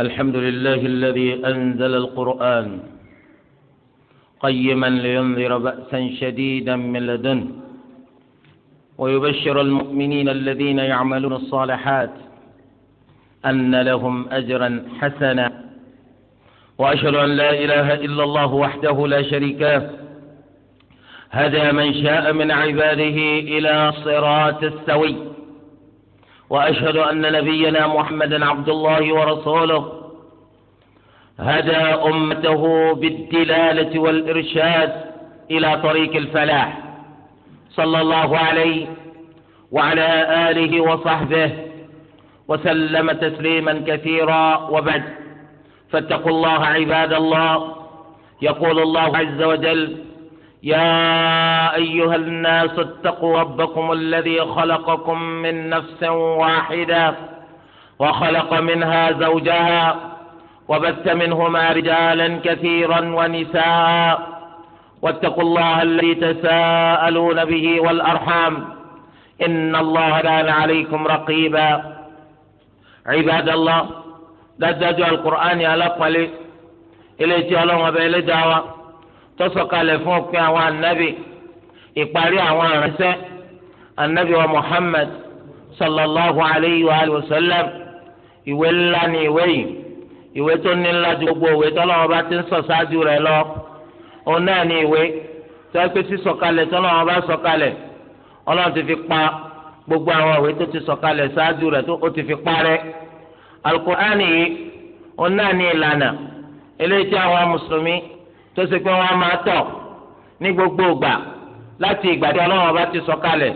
الحمد لله الذي أنزل القرآن قيما لينذر بأسا شديدا من لدنه ويبشر المؤمنين الذين يعملون الصالحات أن لهم أجرا حسنا وأشهد أن لا إله إلا الله وحده لا شريك له هدى من شاء من عباده إلى صراط السوي واشهد ان نبينا محمدا عبد الله ورسوله هدى امته بالدلاله والارشاد الى طريق الفلاح صلى الله عليه وعلى اله وصحبه وسلم تسليما كثيرا وبعد فاتقوا الله عباد الله يقول الله عز وجل يا ايها الناس اتقوا ربكم الذي خلقكم من نفس واحده وخلق منها زوجها وبث منهما رجالا كثيرا ونساء واتقوا الله الذي تساءلون به والارحام ان الله كان عليكم رقيبا عباد الله دجاج القرآن alápàlẹ ilé إليه ọlọ́run الله ẹlẹ́dàá دعوة tọ́sọ̀kalẹ̀ fún òpin àwọn anabi ìparí àwọn aránṣẹ́ anabi wa muhammad sallallahu alayhi wa alihi wa sallam ìwé ńlá ni ìwé yìí ìwé tó ní ńlá ju gbogbo ìwé tọ́lọ́wọ́n bá ti ń sọ ṣáájú rẹ̀ lọ òun náà ni ìwé tó pé sí sọ̀kalẹ̀ tọ́lọ́wọ́n bá sọ̀kalẹ̀ ọlọ́run ti fi pa gbogbo àwọn ìwé tó ti sọ̀kalẹ̀ ṣáájú rẹ̀ tó ti fi parẹ́ alukur'ani yìí òun náà ni ìlànà eléyìí tí àwọn mùsùlùmí tó ṣe pé wọ́n máa tọ̀ ní gbogbo ìgbà láti ìgbà tí ọlọ́run bá ti sọ kalẹ̀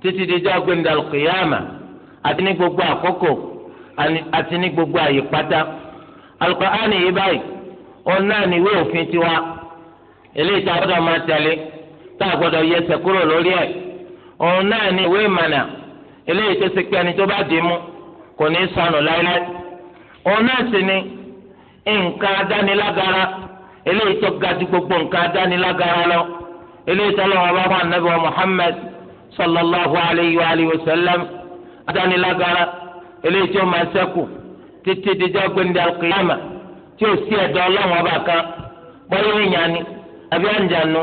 títí di ọjọ́ gbẹ̀ndàlù kìyàmà àti ní gbogbo àkókò àti ní gbogbo àyè pátá al yìí báyìí òun náà ní ìwé òfin tiwa eléyìí tá a gbọ́dọ̀ máa tẹ̀lé tá a gbọ́dọ̀ yẹsẹ̀ kúrò lórí ẹ̀ òun náà ní ìwé ìmọ̀nà eléyìí tó ṣe pé ẹni tó bá dì í mú kò ní í sọnù láéláé òun náà sì ní nǹkan adánilágara eléyìí tó ga ju gbogbo nǹkan adánilágara lọ eléyìí tó lọ́wọ́ bá wà nàbẹ̀ Muhammad sallallahu alayhi wa alayhi wa sallam adánilágara eléyìí tó máa sẹ́kù títí dídá gbẹ̀ndé alqiyama tí ó sí ẹ̀dọ́ ọlọ́wọ́ bá kan bọ́lá èèyàn ni àbí àǹjànú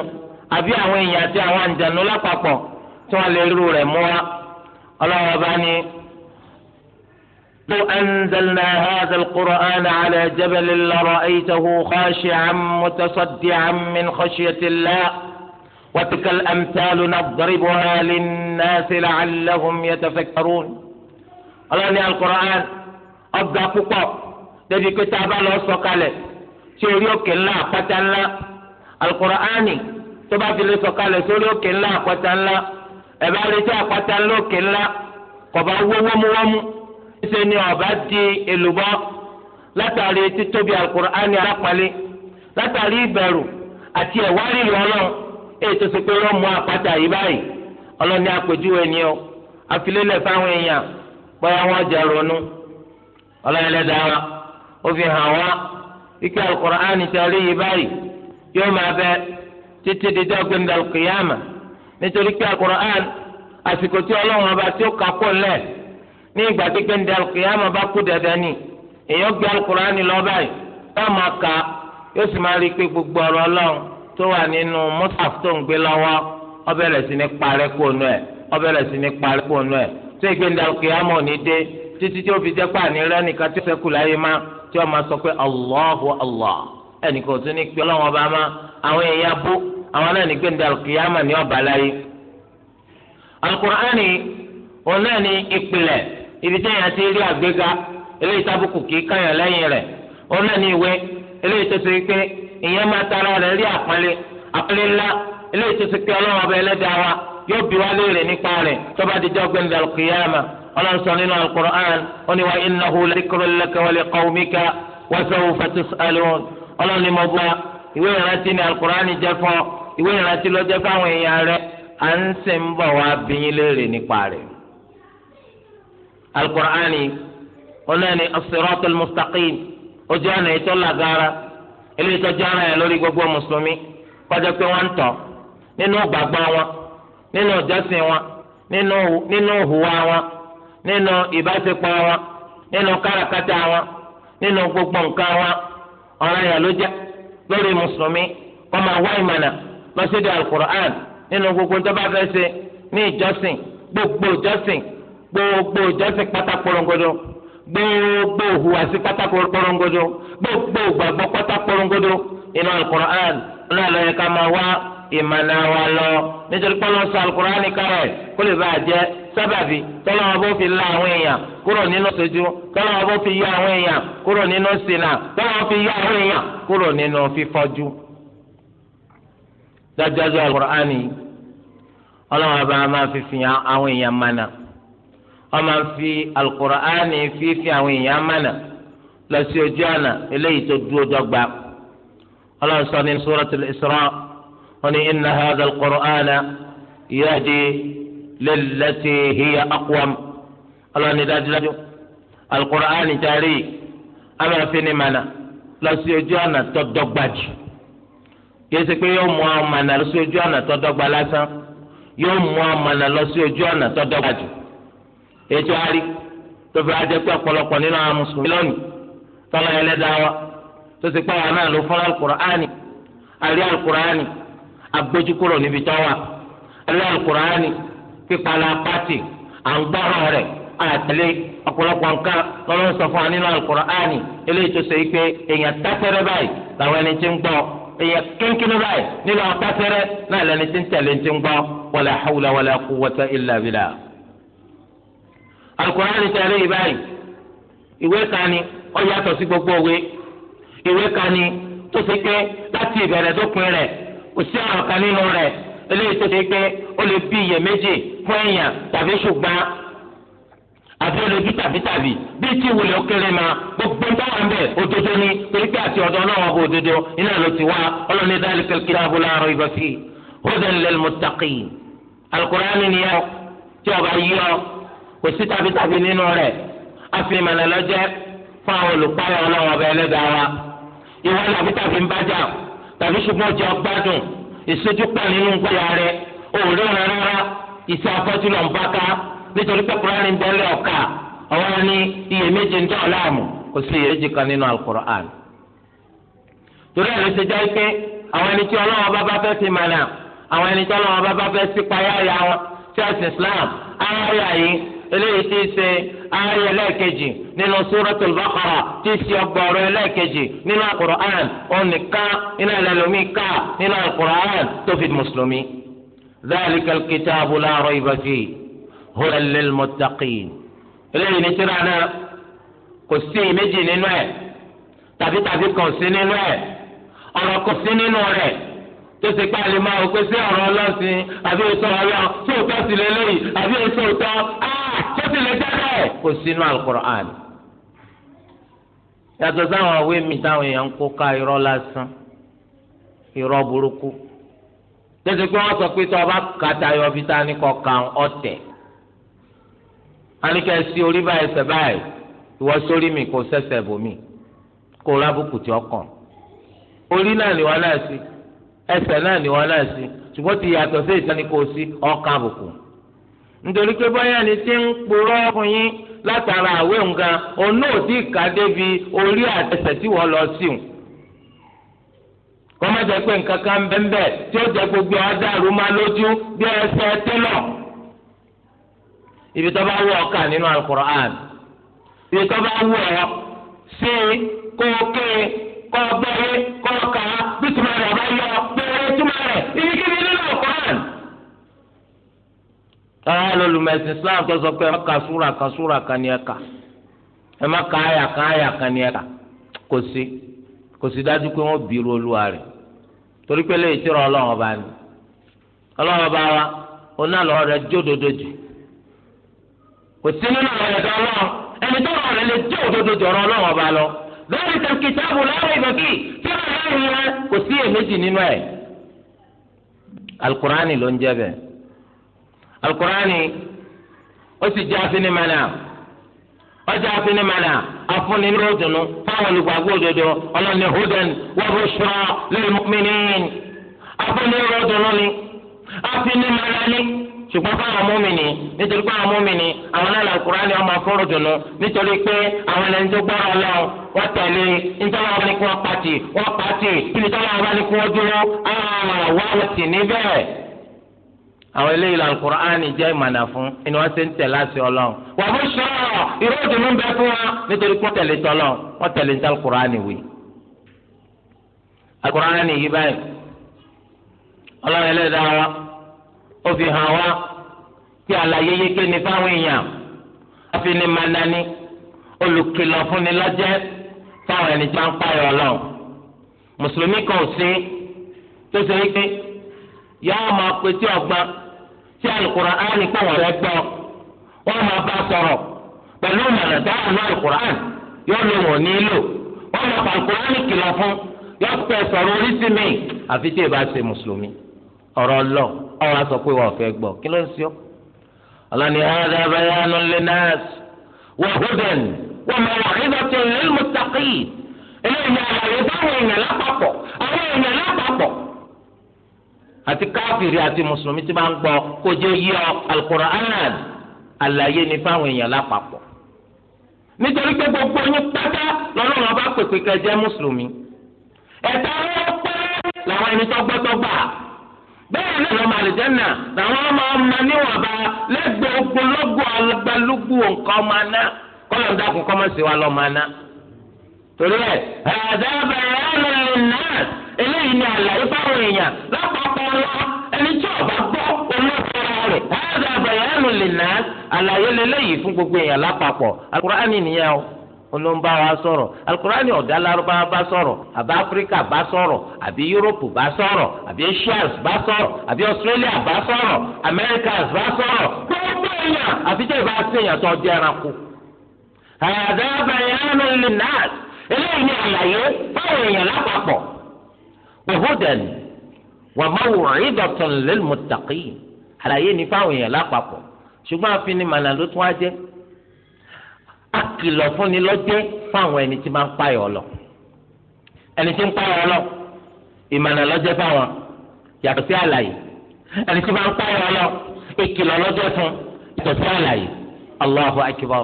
àbí àwọn èèyàn àti àwọn àǹjànú lápapọ̀ tí wọ́n lè rú rẹ̀ mú wa ọlọ́wọ́ bá ní. لو أنزلنا هذا القرآن على جبل لرأيته خاشعا متصدعا من خشية الله وتلك الأمثال نضربها للناس لعلهم يتفكرون الآن يا القرآن أبدا فقط تبي كتاب الله سقالة سيريوك الله قتل لا القرآن تبعث الله سقالة سيريوك الله قتل لا أبالي تا قتل لا قبل ومو ومو ṣe ni ọba di èlùbọ́ látàrí títóbi alukur'ani alápàlẹ́ látàrí ìbẹ̀rù àti ẹ̀wárí lọ́lọ́ èyí tó ṣe mú àpáta yìí báyìí ọlọ́ni àpèjúwe ni ó afilélẹ̀ fáwọn èèyàn bóyá wọ́n jẹ ronú ọlọ́ni lẹ́dàá ó fi hàn wá ike tẹ̀lé yìí báyìí yóò máa bẹ títí di dọ́gbìn dàlùkìyàmà nítorí alukur'an àsìkò tí ọlọ́run ọba tí ó kakó lẹ́ẹ̀. ní ìgbà tí gbẹ̀ndẹ̀ alùkìyàmọ̀ bá kú dandan ni èèyàn gbé alukurani lọ báyìí táwọn máa ka yóò sì máa rí i pé gbogbo ọ̀rọ̀ ọlọ́run tó wà nínú mọ́sáf tó ń gbé lọ́wọ́ ní parẹ́ kó nu ẹ̀ ní parẹ́ kó nu ẹ̀ tó ní dé títí tí ó fi nìkan tí ó láyé má tí máa sọ pé allahu allah ibi tí èèyàn ti rí àgbéga eléyìí tábùkù kì í káyàn lẹ́yìn rẹ̀ òun náà ní ìwé eléyìí tó ṣe pé ìyẹn máa tara rẹ̀ rí àpọ́nlé àpọ́nlé ńlá eléyìí tó ṣe pé ọlọ́run ọba ẹlẹ́dàá wa yóò bí wa léèrè nípa rẹ̀ tó bá di jọ́gbẹ́ ní alqiyama ọlọ́run sọ nínú alukur'an ó ní wa innahu ladikrun laka wa liqawmika wa sawfa tus'alun ọlọ́run alukur'ani onáni asirọ́tò mustaqim ojú ọ̀nà ètò làgàrà eléyìí tó jẹ́ ara yẹn lórí gbogbo mùsùlùmí kọjá pé wọ́n ń tọ̀ nínú gbàgbọ́ wọn nínú ìjọsìn wọn nínú ìhùwà wọn nínú ìbáṣepọ̀ wọn nínú káràkátà wọn nínú gbogbo nǹkan wọn ọ̀rọ̀ yẹn ló jẹ́ lórí mùsùlùmí kó máa wá alukur'an nínú gbogbo tó bá ní ìjọsìn gbogbo ìjọsìn gbogbo ìjọsìn pátá kporongodo gbogbo ìhùwàsí pátá kporongodo gbogbo ìgbàgbọ́ pátá kporongodo inú alukur'an inú àlọ́yẹ ká máa wá ìmọ̀nà wa lọ nítorí pé lọ́sọ alukur'an kárẹ̀ kó lè bá a jẹ́ sábàbí tọ́lá wọn bó fi la àwọn èèyàn kúrò nínú sojú tọ́lá wọn bó fi yọ àwọn èèyàn kúrò nínú ṣìnà tọ́lá wọn fi yọ àwọn èèyàn kúrò nínú fífọ́jú. dájọ́ alukur'an yìí ọlọ́wọ́n bá a máa fi fi àwọn èèyàn mánà wọ́n máa ń fi alukóraani fífi àwọn èèyàn mánà lọ sí ojú ọ̀nà eléyìí tó dúró dọ́gba ọlọ́run sọ ní suratul Isra wọ́n ní inna hadha alukóraana yahdi lillati hiya aqwam ọlọ́run ní dájúdájú alukóraani jaari ama fi ni mánà lọ sí ojú ọ̀nà tó dọ́gba jù kìí pé yóò mú àwọn mánà lọ sí ojú ọ̀nà tó dọ́gba lásán yóò mú àwọn mánà lọ sí ojú ọ̀nà tó dọ́gba jù ètò àárí tó fi ajẹ́ pé ọ̀pọ̀lọpọ̀ nínú àwọn mùsùlùmí lónìí tọ́lá ẹlẹ́dàá wa tó ti pààrọ̀ náà ló fún alukur'ani àrí alukur'ani agbójúkúrò níbi tó wà àrí alukur'ani pípalà pátì à ń gbọ́ràn rẹ̀ àtẹ̀lé ọ̀pọ̀lọpọ̀ nǹkan lọ́wọ́ sọ fún wa nínú alukur'ani eléyìí tó ṣe é pé èèyàn tẹ́tẹ́rẹ́ báyìí làwọn ẹni tí ń gbọ́ èèyàn kínkín báyìí nínú apátẹ́rẹ́ náà lẹni tí ń tẹ̀lé ti ń gbọ́ wala hawla wala quwwata illa alukurani tẹ̀lé yìí báyìí ìwé kan ni ó yàtọ̀ sí gbogbo òwe ìwé kan ni tó ṣe pé láti ìbẹ̀rẹ̀ dópin rẹ̀ kò sí ọ̀rọ̀ kan nínú rẹ̀ eléyìí tó ṣe pé ó lè bí iyèméjì fún èèyàn tàbí ṣùgbọ́n àti olójú tàbí tàbí bí tí wulẹ̀ ó kéré ma gbogbo táwọn ń bẹ̀ òdodo ni torí pé àti ọ̀dọ̀ náà wà bó òdodo iná ló ti wá ọlọ́ni dáhùn kìlá abúlé àrò ìbọ̀sí ó dẹ̀ lẹ́nu mọ́tàkì alukurani ni yẹ tí ọba yí ọ kò sí tàbítàbí nínú rẹ̀ àfihàn lọ́jẹ́ fún àwọn olùpáyọ̀ ọlọ́wọ́ ọbẹ̀ ẹlẹ́dàá wa ìwọ làbí tàbí ń bájà tàbí ṣùgbọ́n jẹ́ ọgbádùn ìṣojú pọ̀ nínú gbọ́yà rẹ̀ òòrè rárá ìṣe afọ́jú lọ́n bá nítorí pé kúránì ń tẹ́lẹ̀ ọ̀ka àwọn ní iyèméjì ń tọ́ ọ̀làmù kò sí iyèméjì kan nínú alukur'an torí ẹ̀ ka ṣe jẹ́ pé àwọn ẹni tí bá fẹ́ eléyìí ti ṣe ayé ẹlẹ́ẹ̀kejì nínú suratul Baqara ti ṣe ọgbọ̀rọ̀ ẹlẹ́ẹ̀kejì nínú Al-Qur'an ọ̀nìkan nínú ẹlẹ́lómi ká nínú Al-Qur'an tó fi mùsùlùmí. dhalikal kitabu la rayba fihi hudan lil muttaqin. eléyìí ni tíra náà kò sí méjì nínú ẹ̀ tàbí tàbí kò sí nínú ẹ̀ ọ̀rọ̀ kò sí nínú rẹ̀ tó ṣe pé àlè máa òkú sí ọ̀rọ̀ ọlọ́sìn àbí ètò ọlọ́ tó tọ́ sí lélẹ́yìí àbí ètò ọ̀tọ́ tó sì lè jẹ́ bẹ́ẹ̀ kò sínú alukur'an. yàtọ̀ sáwọn òwe mi táwọn èèyàn ń kó ká irọ́ lásán irọ́ burúkú tó ṣe pé wọ́n sọ pé tó o kàtà yọ bí tá a ka ọ̀tẹ̀ àníkẹ́ sí orí báyìí ṣẹ̀ báyìí ìwọ sórí mi kò ṣẹ̀ṣẹ̀ bòmí kó o lábùkù tí ọkàn orí náà ni wọn náà sí. ese náà ni wọ́n náà sí ṣùgbọ́n ti yàtọ̀ sí ìtàn kò ni tí ń purọ́ fún yín látara àwẹ̀ nǹkan orí tí wọ́n lọ sí òun kọ́má pé nǹkan kan bẹ́ẹ̀ tí ó jẹ́ gbogbo adáàrú máa lójú bí ẹsẹ̀ tẹ́lọ̀ ibi tó bá ibi tó bá sí bẹ́ẹ̀ tọ́lá lọ́lùmẹ̀sìn islam tó sọ pé ẹ má ka súra kan súra kan ni ẹ kà ẹ má ka àyà kan àyà kan ni ẹ kà kò sí kò sí dájú pé wọ́n bìrù olúwa rẹ̀ torí pé lè tẹ̀rọ ọlọ́run ọba ni ọlọ́run ọba wa oná lọ́wọ́ rẹ̀ jódodo jù kò sí nínú ọ̀rọ̀ ẹ̀dá ọlọ́run ẹni tó rọ̀ lè jó òdodo jù ọ̀rọ̀ ọlọ́run ọba lọ lórí kìtàbù lọ́wọ́ ìbẹ̀kì tí wọ́n alukurani ó sì jẹ́ afinimánà ọjà afinimánà afúnni o ròdùnú fáwọn olùgbàgbọ́ òdodo ọlọ́ni hudan wàhùn ṣọ́ lil mu'minin afúnni ni afinimánà ni ṣùgbọ́n fáwọn mọ́mìnì nítorí pé àwọn mọ́mìnì àwọn náà ọmọ nítorí pé àwọn ẹni tó lọ wọ́n tẹ̀lé kí wọ́n pàtì wọ́n pàtì kí wọ́n dúró ti níbẹ̀. àwọn eléyìí lan Kùránì jẹ́ ìmọ̀nà fún ẹni wọ́n ṣe ń tẹ̀lé àṣẹ ọlọ́run wà bó sọ̀rọ̀ ìró ìdùnnú bẹ fún wa nítorí pé tẹ̀lé tọ́lọ̀ wọ́n tẹ̀lé ń tẹ́lẹ̀ Kùránì wí. Kùránì yìí báyìí ọlọ́run ẹlẹ́dàá wa ó fi hàn wá kí àlàyé yéké ni fáwọn èèyàn afinimandani olùkìlọ̀ fúnni fáwọn ẹni tí ń pààyàn mùsùlùmí kan ò sí tó ṣe é yàá máa pe tí ọgbà tí alukur'an kò wọ́n rẹ gbọ́ wọ́n máa bá sọ̀rọ̀ pẹ̀lú ìmọ̀ràn tó wà ní alukur'an yóò lè wọ́n ní lò wọ́n máa pa alukur'an kìlọ̀ fún yóò pẹ̀ sọ̀rọ̀ oríṣi mi àfi tí ìbá ṣe mùsùlùmí ọ̀rọ̀ lọ ọ̀rọ̀ sọ pé wọ́n fẹ́ gbọ́ kí ló ń ṣe ọ́ ọlọ́ni hàdà bayanun linnas wa hudan wa maw'idatun lil muttaqin eléyìí ni àlàyé báwọn èèyàn lápapọ̀ àwọn àti káfìrí àti mùsùlùmí tí máa ń gbọ́ kó jẹ́ yíyọ alukur'an àlàyé ni fáwọn èèyàn lápapọ̀ nítorí pé gbogbo yín pátá lọ́lọ́run ọba pèpè kẹjẹ mùsùlùmí ẹ̀ta wọn pẹ́ làwọn ẹni tọ́gbọ́tọ́gbà bẹ́ẹ̀ náà lọ́mọ àlùjẹ́nà làwọn ọmọ ọmọ níwọ̀nba lẹ́gbẹ̀ẹ́ ogunlọ́gọ̀ ọlọ́gbàlúgbù nǹkan ọmọ aná kọ́lọ̀ ń dákun kọ́mọ́ sí wa lọ́mọ aná torí ẹ̀ ẹ̀ẹ́dẹ́gbẹ̀rẹ́ ọ̀nà ìnáà eléyìí ni àlàyé fáwọn èèyàn lọ́pọ̀ ọpọlọ ẹni tí ọba gbọ́ fún gbogbo èèyàn lápapọ̀ alukurani nìyẹn o olóńgbà wa sọ̀rọ̀ alukurani ọ̀dà alárúbáwá bá sọ̀rọ̀ àbí áfíríkà bá sọ̀rọ̀ àbí bá sọ̀rọ̀ àbí bá sọ̀rọ̀ àbí bá sọ̀rọ̀ bá sọ̀rọ̀ gbogbo èèyàn ìbá sèèyàn tó ẹranko. àyàdá lè eléyìí ni àlàyé fáwọn èèyàn lápapọ̀ òhùdẹ̀ni wa maw'izatan lil muttaqin àlàyé ní fáwọn èèyàn lápapọ̀ ṣùgbọ́n afinimànà ló tún á jẹ́ akìlọ̀ fúnni lọ́jẹ́ fáwọn ẹni tí máa ń payọ̀ lọ ẹni tí ń payọ̀ lọ ìmànà lọ́jẹ́ fáwọn yàtọ̀ sí àlàyé ẹni tí máa ń payọ̀ lọ ìkìlọ̀ lọ́jẹ́ fún yàtọ̀ sí àlàyé Allahu akbar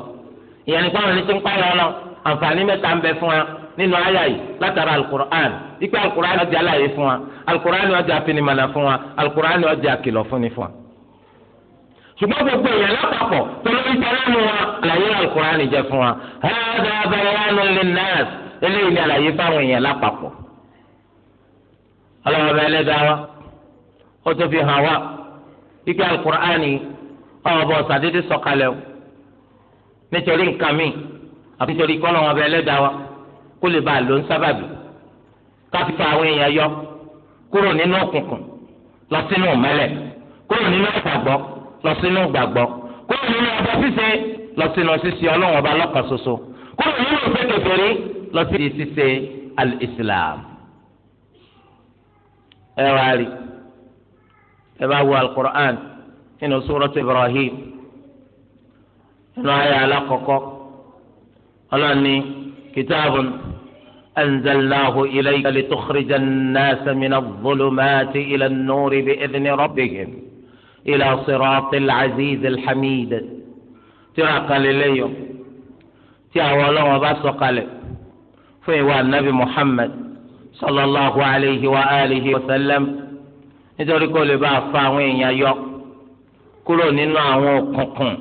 ìyẹn ẹni tí ń payọ̀ lọ àǹfààní mẹ́ta ń bẹ fún wa nínú àyà yìí látara alukur'an ipe alukur'an ọjà aláyé fún wa alukur'an ọjà afinimọ̀nà fún wa alukur'an ọjà akìlọ̀ fúnni fún wa. ṣùgbọ́n gbogbo èèyàn lápapọ̀ tolórí tẹlẹ́nu wa àlàyé alukur'an jẹ́ fún wa hada bayanun linnas eléyìí ni àlàyé fáwọn èèyàn lápapọ̀. ọlọ́wọ́ bẹ́ẹ̀ lẹ́dàá wa ó tó fi hàn wá ipe alukur'an yìí ọ̀rọ̀ bọ̀ sàdédé sọ̀kalẹ̀ o nítorí nǹkan mi nítorí kọ́lọ́ kó lè bá a lò ń sábàbí káfí fa àwọn èèyàn yọ kúrò nínú òkùnkùn lọ sínú ìmọ́lẹ̀ kúrò nínú ìgbàgbọ́ lọ sínú ìgbàgbọ́ kúrò nínú ọba ṣíṣe lọ sínú ṣíṣe ọlọ́run ọba lọ́kàn ṣoṣo kúrò nínú òfin kèfèrí lọ sí ṣíṣe al ẹ wá rí ẹ bá wo al-Qur'an nínú Ibrahim nínú ayé alákọ̀ọ́kọ́ ọlọ́ni kìtàbùn. أنزلناه إليك لتخرج الناس من الظلمات إلى النور بإذن ربهم إلى صراط العزيز الحميد ترى إليهم تعالى وبسقل في النبي محمد صلى الله عليه وآله وسلم nítorí كل بعض فاوين يا fa كلو èèyàn yọ kúrò nínú àwọn òkùnkùn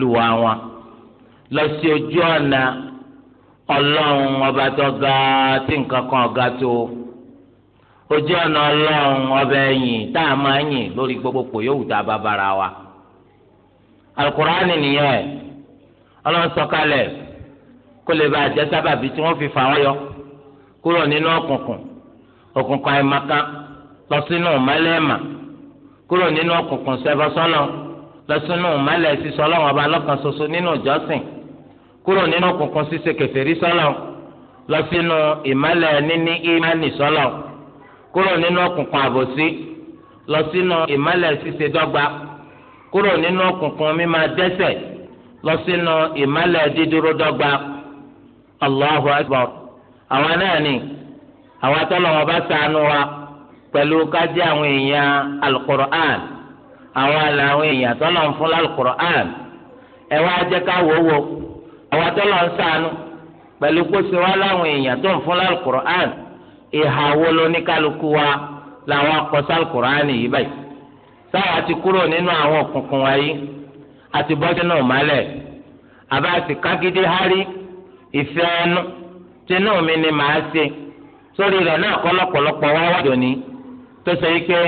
lọ lọ sí ojú ọ̀nà ọlọ́run ọba tó ga tí nǹkan kan ọ̀gá tó ojú ọ̀nà ọlọ́run ọba ẹ̀yìn tá a máa yìn lórí gbogbo yóò wù tá wa. alukur'ani nìyẹn ọlọ́run sọ̀kalẹ̀ kó lè bá àjẹ́ sábàbí tí wọ́n fi fà wọ́n yọ kúrò nínú òkùnkùn òkùnkùn àìmọ̀kan lọ sínú ìmọ̀lẹ́ẹ̀mà kúrò nínú òkùnkùn sẹ́fọ́sọ́nà lọ sínú ìmọ̀lẹ́ sísọ ọlọ́run ọba lọ́kan ṣoṣo nínú ìjọsìn kúrò nínú òkùnkùn ṣíṣe kèfèrí sọ́lọ̀ lọ sínú ìmọ́lẹ̀ níní ìmánì sọ́lọ̀ kúrò nínú òkùnkùn àbòsí lọ sínú ìmọ́lẹ̀ ṣíṣe dọ́gba kúrò nínú òkùnkùn mímá dẹ́ṣẹ̀ lọ sínú ìmọ́lẹ̀ dídúró dọ́gba allahu akbar àwọn náà ni àwọn bá wa pẹ̀lú kájí àwọn èèyàn alukur'an àwọn èèyàn fún alukur'an wá jẹ́ ká wọ́wọ́. àwọn tọ́lọ̀ ń sànù pẹ̀lú kóso wa láwọn èèyàn tó ń fún lálùkùránì wa làwọn akọ́sọ́ àlùkùránì yìí báyìí ti kúrò nínú àwọn òkùnkùn wáyé àti bọ́dé náà málẹ̀ àbá ti kágídé hárí ìfẹ́ ẹnu tinú mi ni màá ṣe sórí rẹ̀ náà kọ́ lọ́pọ̀lọpọ̀ wá wá dòní tó sọ yìí pé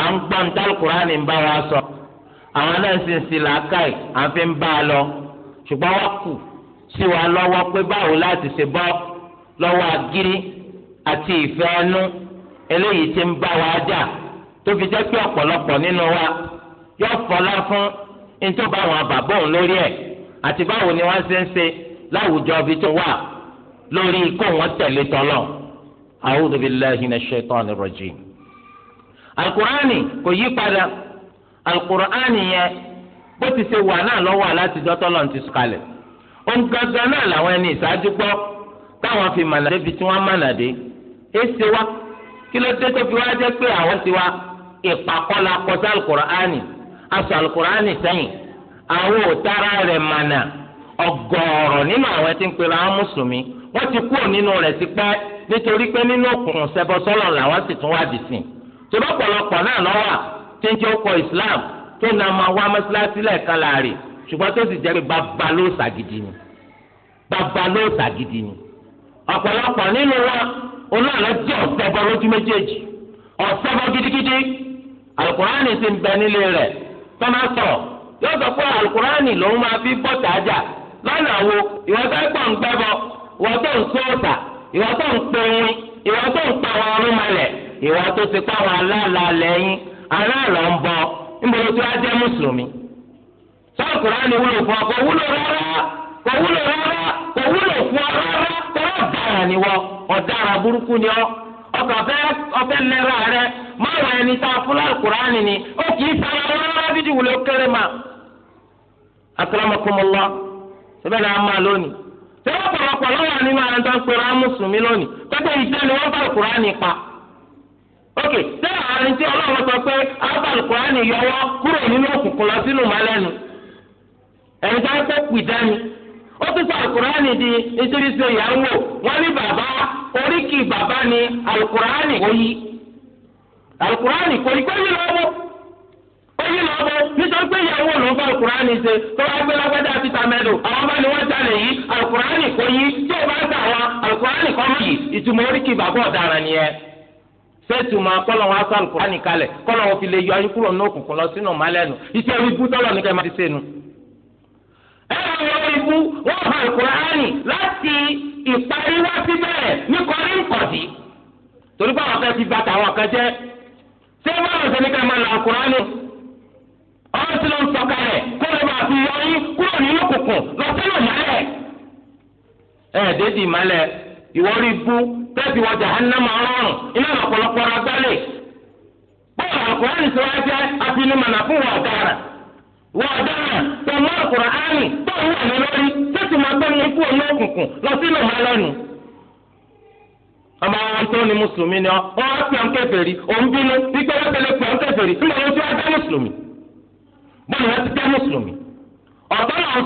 à ń gbọ́n tálùkùránì ń bá wa sọ àwọn náà sì ṣùgbọ́n wọ́n kù sí wa lọ́wọ́ pé báwo láti ṣe bọ́ lọ́wọ́ agírí àti ìfẹ́ ẹnu eléyìí tí ń bá wa jà tó fi jẹ́ pé ọ̀pọ̀lọpọ̀ nínú wa yóò fọlá fún nítorí bá àwọn bàbá òun lórí ẹ̀ àti báwo ni wọ́n ṣe ń ṣe láwùjọ ibi tó wà lórí kó wọ́n tẹ̀lé tọ́lọ̀ a'udhu billahi minash shaitani rajim alukur'ani kò yí padà alukur'ani yẹn bó ti ṣe wà náà lọ́wọ́ alátijọ́ tọ́lọ̀ ti sùkalẹ̀ ohun gangan náà làwọn ẹni ìṣáájú gbọ́ táwọn fi mànà débi tí wọ́n mànà dé é ṣe wá kí ló dé tó fi wá jẹ́ pé àwọn ti wá ìpàkọ́lá kọsí alukùránì aṣọ alukùránì sẹ́yìn àwọn ò tara rẹ̀ mànà ọ̀gọ̀ọ̀rọ̀ nínú àwọn ẹtí ń pera wọn mùsùlùmí wọ́n ti kúrò nínú rẹ̀ sí pẹ́ nítorí pé nínú òkùnkùn ṣẹbọ sọ́lọ̀ làwọn sì tún wá dì sí tòbọ̀pọ̀lọpọ̀ náà lọ́wọ́ tí ń jẹ́ ó kọ Islam tó na máa wá mọ́sálásí lẹ́ẹ̀kan láàrin ṣùgbọ́n tó sì jẹ́ pé bàbá ló ṣàgídí ni bàbá ló ṣàgídí ni ọ̀pọ̀lọpọ̀ nínú wa olóòlẹ́ jẹ́ ọ̀sẹ̀bọ lójú méjèèjì ọ̀sẹ̀bọ gidigidi alukurani ti ń bẹ nílé rẹ̀ tọ́nà sọ̀rọ̀ yóò sọ pé alukurani lòun máa fi bọ́tà ájà lọ́nà wo ìwọ́n tó ń pọ̀ ń gbẹ́bọ ìwọ́n tó ń sóòtà ìwọ́n tó ń pèrún ìwọ́n tó ń pa àwọn ọlọ́mọlẹ̀ ìwọ́n tó ti pa àwọn aláàlá lẹ́yìn aláàlọ́ ń bọ́ níbo tí wàá jẹ́ mùsùlùmí sọ kùránì wúlò fún ọ kò wúlò rárá kò wúlò rárá kò wúlò fún ọ rárá tọ́lá ọ̀daràn ni wọ ọ̀daràn burúkú ni ọ ọkọ̀ ọ̀fẹ́ lẹ́ra rẹ márùn ẹni tá a fún lálùkùránì ni ó kì í sára rárá bídí wùlé kéré mà. akramakumullah náà máa ni tí ọlọ́run sọ pé ábàlùkọ́ á nì yọwọ́ kúrò nínú òkùnkùn lọ sínú màlẹ́nu ẹni tá ń kó pìdánì ó tún sọ alukurani di nítorí sọ ìyàwó wọn ní bàbá oríkì bàbá ni alukurani kò yí alukurani kò yí kó yí lọ́wọ́ ó yí lọ́wọ́ nítorí pé ìyàwó ló ń fọ alukurani ṣe tó wá gbé lágbádá àti tàmẹ́dù àwọn bá ní wọ́n jalè yí alukurani kò yí tí bá gbà wọn alukurani kò yí ìtumọ̀ sẹ́ẹ̀tù máa kọ́lọ̀ wọn aṣọ àlùkùránì kalẹ̀ kọ́lọ̀ wọn fi yọ ayín kúrò ní lọ sínú ọ̀málẹ́nu iṣẹ́ orí ibú tọ́lọ̀ nígbà máa ti sẹ́nu. ẹ ẹ wọ ibú wọn hàn àlùkùránì láti ìparí wá síbẹ̀ nítorí nkọ̀dí. torí báwọn ti bàtà ká máa lọ ọ̀rọ̀ tí ló ń kó lè ìwọ rí bú tẹ́sí wọ jahannama ọlọ́run iná lọ́pọ̀lọpọ̀ ra gbálẹ̀ bọ́ọ̀lù àkùránì tí wọ́n jẹ́ afinimọ̀nà fún wọn ọ̀daràn wọn ọ̀daràn tó mọ́ àkùránì tó ń wà lórí tẹ́sí máa gbé ní ikú omi òkùnkùn lọ sínú ìmọ̀lẹ́nu. ọmọ wọn tó ní mùsùlùmí ni ọ wọn á pè ọ́n kèfèrí òun bínú wípé wọ́n tẹ́lẹ̀ pè ọ́n kèfèrí nígbà wọn ti wá jẹ́ mùsùlùmí bọ́ọ̀lù jẹ́ mùsùlùmí ọ̀tọ́ náà sọ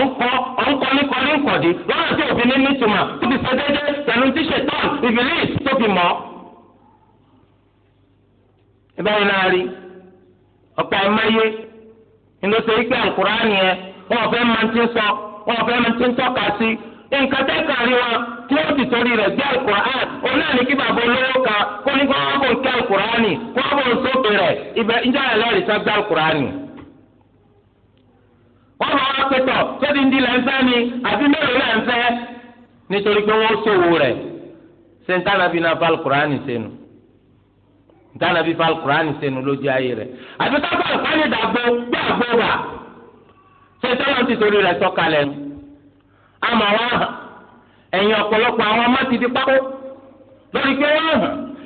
ọ̀nkọ́ ọ̀nkọ́ níkọ́ ní nkọ̀dí lọ́nà tí òfin ní nítumọ̀ tó fi ṣẹ́dẹ́dẹ́ pẹ̀lú tí ṣètọ́n ìbílíìs tó fi mọ́. ẹbẹ́ wọn náà rí ọ̀pọ̀ ẹ̀máyé nínú ṣe ikpe àkùránì ẹ wọn ò fẹ́ máa ti sọ wọn ò fẹ́ máa ti ń tọ́ka sí nǹkan tẹ́ kárí wọn tí wọ́n ti torí rẹ̀ gbé àkùránì òun náà ní kí bàbá olówó kan kó ní kó wọ́n bò pẹ̀tọ̀ sódì ń di lẹ́ńfẹ́ ni àbí mélòó lẹ́ńfẹ́ nítorí pé wọ́n ṣòwò rẹ̀ ṣe ń tànàbí náà falkurani sẹ́nu ntànàbí falkurani sẹ́nu lójú ayé rẹ̀ àbí káfà ìpàdé dàgbò gbé àgbò wà ṣe tọ́lọ́ ti torí rẹ̀ sọ́kalẹ̀ nu àmọ́ wọn hàn ẹ̀yìn ọ̀pọ̀lọpọ̀ àwọn ọmọ ti di pákó lórí pé wọ́n hàn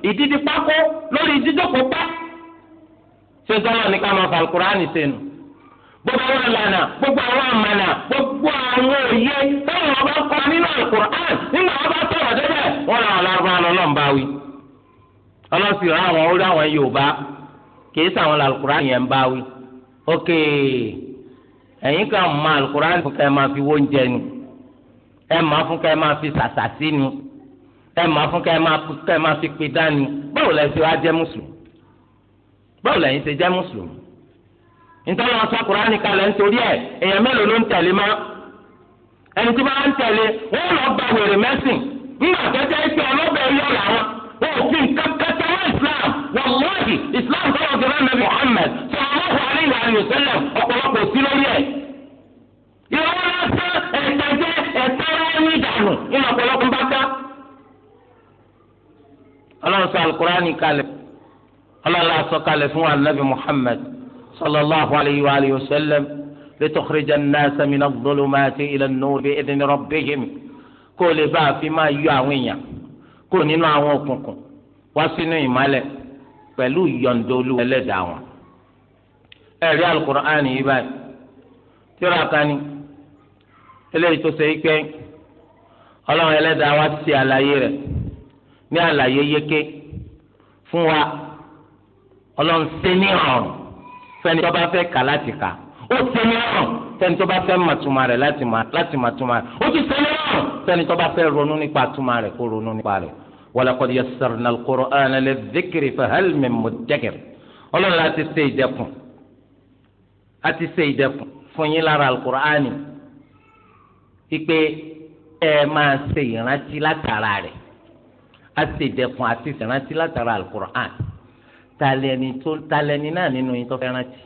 ìdí di pákó lórí ìdíjókòó pá ṣe tọ́lọ́ ní ká gbogbo àwọn ìlànà gbogbo àwọn àmàlà gbogbo àwọn òye táwọn ọba kọ nínú alukur'an nínú ọba tọrọ débẹ̀ wọn làwọn alárúbá lọlọrun bá wí ọlọsìn rà àwọn orí àwọn yorùbá kìí sàwọn alukur'an yẹn bá wí ok ẹ̀yin kan mọ alukur'an fún kẹ́ máa fi wóúnjẹ ni ẹ máa fún kẹ́ máa fi sàṣàṣì ni ẹ máa fún kẹ́ máa kẹ́ máa fi pidán ni báwo lẹ ṣe wá jẹ́ mùsùlùmí báwo lẹ̀yin ṣe jẹ́ mùsùlùmí nítorí wọn sọ kúránì kalẹ̀ nítorí ẹ̀ èèyàn mélòó ló ń tẹ̀lé má ẹni tí wọn ń tẹ̀lé wọn lọ gba wèrè mẹ́sìn nígbà tó jẹ́ pé ọlọ́bẹ̀ yọ̀ làwọn wọn ò fi nǹkan kẹta wọn islam wọn lọ́ọ̀dì islam tó wọn fi rán nàbì muhammed sallallahu alaihi wa sallam ọ̀pọ̀lọpọ̀ sí lórí ẹ̀ ìrọ̀wọ́ lásán ẹ̀ẹ́dẹ́gbẹ́ ẹ̀ẹ́dẹ́rẹ́ ní ìdànù nínú ọ̀pọ̀lọpọ̀ bá ká ọlọ́run sọ alukurani kalẹ̀ ọlọ́run sọ kalẹ̀ fún صلى الله عليه وآله وسلم لتخرج الناس من الظلمات إلى النور بإذن ربهم kó lè bá a fi máa yọ àwọn èèyàn kó nínú àwọn òkùnkùn wá sínú ìmọ́lẹ̀ pẹ̀lú yọ̀ǹdolú ẹlẹ́dàá wọn. ẹ̀rí alukur'an yìí báyìí tíra kani eléyìí tó ṣe é pé ọlọ́run ẹlẹ́dàá wa ṣe àlàyé rẹ̀ ní àlàyé yéké fún wa ọlọ́run ṣe ní ọ̀rùn fẹ́ni tó bá fẹ́ kà láti kà ó sẹ́ni rọrùn fẹ́ni tó bá fẹ́ mà túmọ̀ rẹ̀ láti mà túmọ̀ rẹ̀ ó tún sẹ́ni rọrùn fẹ́ni tó bá fẹ́ ronú nípa túmọ̀ rẹ̀ kó ronú nípa rẹ̀ walaqad yassarna al-Qur'ana lidh-dhikri fahal min muddakir ọlọ́run láti ṣe ìdẹ̀kùn láti ṣe ìdẹ̀kùn fún yín lára alukur'ani ipe ẹ máa ṣe ìrántí látara rẹ̀ á ṣe ìdẹ̀kùn àti ìrántí látara alukur'ani talẹni tó talẹni náà nínú yín tó fẹ́ rántí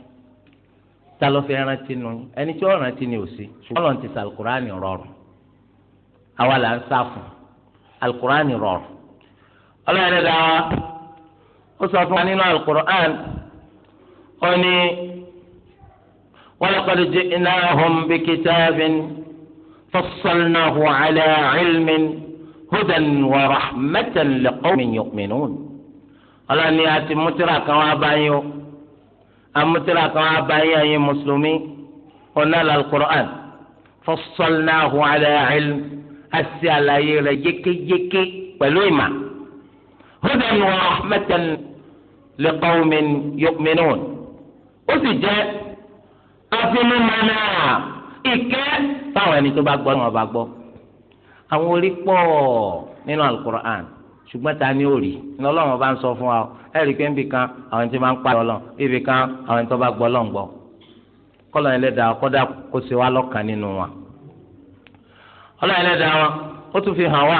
ta ló fẹ́ rántí nù yín ẹni tí ó rántí ni ò sí ṣùgbọ́n lọ́n ti sàlùkùránì rọrùn àwa là ń sá fún alùkùránì rọrùn ọlọ́run ẹ̀dá ó sọ fún wa nínú alùkùránì ó ní walaqad ji'nahum bikitabin fassalnahu ala ilmin hudan wa rahmatan liqawmin yu'minun ọlọ́ni àti mútírà kan wá báyìí o amútírà kan wá báyìí ẹ̀yin mùsùlùmí ọ̀nà làlùkùrọ̀án fassalnahu ala ilm àti àlàyé rẹ̀ yékéyéké pẹ̀lú ìmà hudan wa rahmatan liqawmin yu'minun ó sì jẹ́ afinimana ìkẹ́ báwọn ẹni tó bá gbọ́ ni wọ́n bá gbọ́ àwọn orí pọ̀ nínú àlùkùrọ̀án. ṣùgbọ́n ta ni ó rí ní ọlọ́run fún wa ọ ẹ rí i pé kan àwọn tí máa ń pààyàn lọ ibi kan àwọn tó bá gbọ́ lọ́n gbọ́ kọ́lọ̀ ẹlẹ́dàá kọ́dà kó ṣe wá lọ́kàn nínú wọn. ọlọ́run ẹlẹ́dàá wọn ó tún fi hàn wá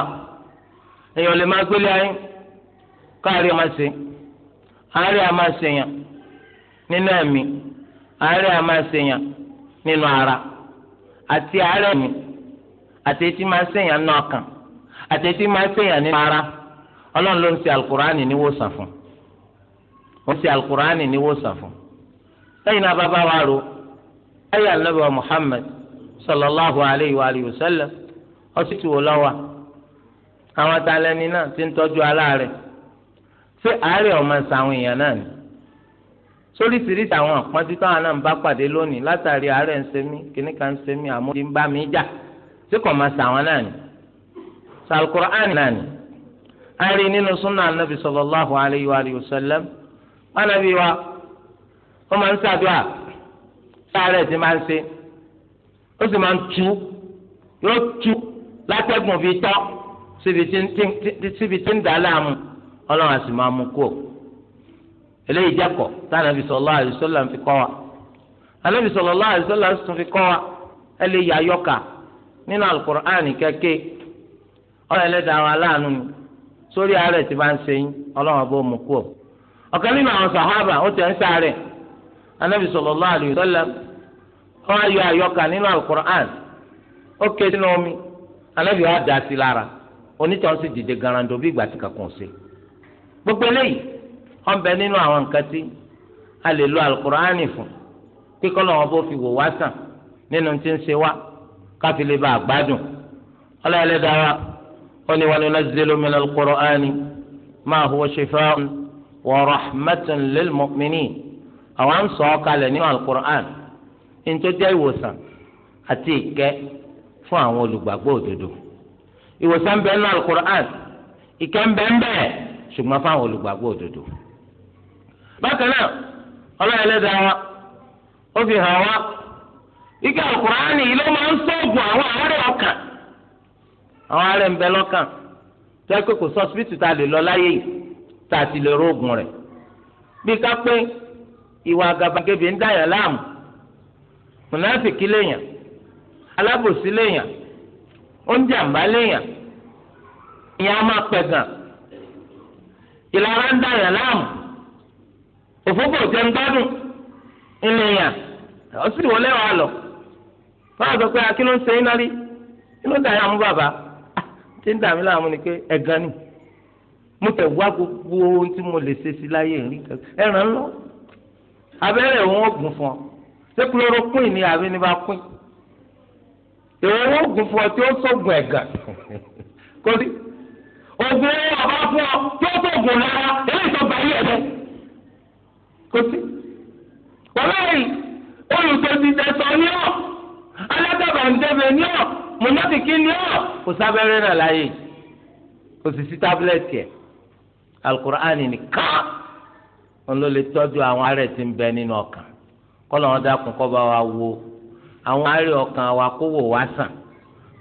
èèyàn lè máa gbélé ayé káàrí ma ṣe àárẹ̀ ṣèyàn nínú ẹ̀mí àárẹ̀ ṣèyàn ara àti àárẹ̀ àti etí máa ṣèyàn nínú ọkàn àti etí máa ṣèyàn nínú ara. ọlọ́run ló ń ṣe alukur'ani ní wòsàn fún wọ́n ṣe alukur'ani ní wòsàn fún lẹ́yìn náà bàbá wa ro ayé alábàá muhammed sallallahu alayhi wa alihi wa sallam ọsítì wò lọ́wọ́ àwọn atalẹ́ni náà ti ń tọ́jú aláàrẹ̀ ṣé àárẹ̀ ọmọ sàwọn èèyàn náà ni sóríṣiríṣi àwọn àpọ́njú táwọn náà ń bá pàdé lónìí látàrí àárẹ̀ ń ṣe mí kìnnìkan ń ṣe mí àmúdi ń bá mi jà ṣé kò máa sàwọn náà ni sàlùkùrọ̀ àná náà ni. a n'inu nínú súnà anabi sallallahu alayhi wa alayhi wa sallam anabi wa ó máa ń ṣàdúrà sáré ti máa ń ṣe ó ma máa ń tu yóò tu látẹ̀gùn fi tọ́ síbi tí ń dà láàmú ọlọ́run àti máa eléyìí jẹ́kọ̀ tí anabi sallallahu alayhi wa sallam fi kọ́ wa anabi sallallahu alayhi wa sallam tún fi wa nínú alukur'an sórí ààrẹ tí bá ń se yín ọlọ́run bó mú kú ọ. ọ̀kan nínú àwọn sàhábà ó tẹ̀ ń sáré anábì sallallahu alaihi wasallam wọn á yọ àyọkà nínú alukur'an ó ké sínú omi anábì wa dà sí lára sì dìde garando bí ìgbà tí kankan gbogbo eléyìí wọn bẹ nínú àwọn nǹkan tí a lè lo alukur'an fún قل وننزل من القرآن ما هو شفاء ورحمة للمؤمنين أو أن صاك لني القرآن إن تجي وسام أتيك فأنا ولقبو دودو ìwòsàn bẹ́ẹ̀ nínú alukur'an ìkẹ́ ń bẹ́ẹ̀ bẹ́ẹ̀ ṣùgbọ́n fáwọn olùgbàgbọ́ òdodo. bákan náà ọlọ́run ẹlẹ́dàá wa ó fi hàn wá ike alukur'an yìí ló máa ń sọ́ọ̀gùn àwọn àárẹ̀ ọkàn. àwọn arẹ̀ ń bẹ lọ́kàn tó pé kò sọ́sibítù a lè lọ láyé yìí lè rógùn rẹ̀ bí ká pé ìwà àgàbàgebè ń dàyàn láàmú mùnáfìkì léèyàn alábòsí léèyàn oúnjẹ léèyàn á máa pẹ̀gàn ìlara ń dàyàn láàmú òfófó tẹ ń gbádùn ìlẹ̀yàn ó sì wa lọ fáwọn sọ pé akínú ń tí ń dà mí láàmú ni pé ẹ̀gán ni mo tẹ̀ wá gbogbo ohun tí mo lè ṣe sí láyé rí ẹ̀ràn lọ abẹ́rẹ́ wọn ò gùn fún ọ ṣé chloroquine ni àbí ni bá pín èrò wọn ò gùn fún ọ tí ó sọ̀gùn ẹ̀gàn kò sí oògùn owó ọba fún ọ tí ó sọ̀gùn lára eléyìí tó gbà yí ẹ̀dẹ́ kò sí wọ́n lẹ́yìn olùsọ̀tì tẹ̀sán ní ọ alágbàbà ń tẹ̀sán ní ọ. mọ̀nàfíkì ni ọ́ kò sábẹ́rẹ́ náà láàyè kò sì sí tábìlẹ̀tì ẹ̀ alukur'an nìkan wọn ló tọ́jú àwọn bẹ nínú ọkàn kọ́lọ̀ wọn dákun wa wo àwọn arịa ọkàn wa kó wò wá sàn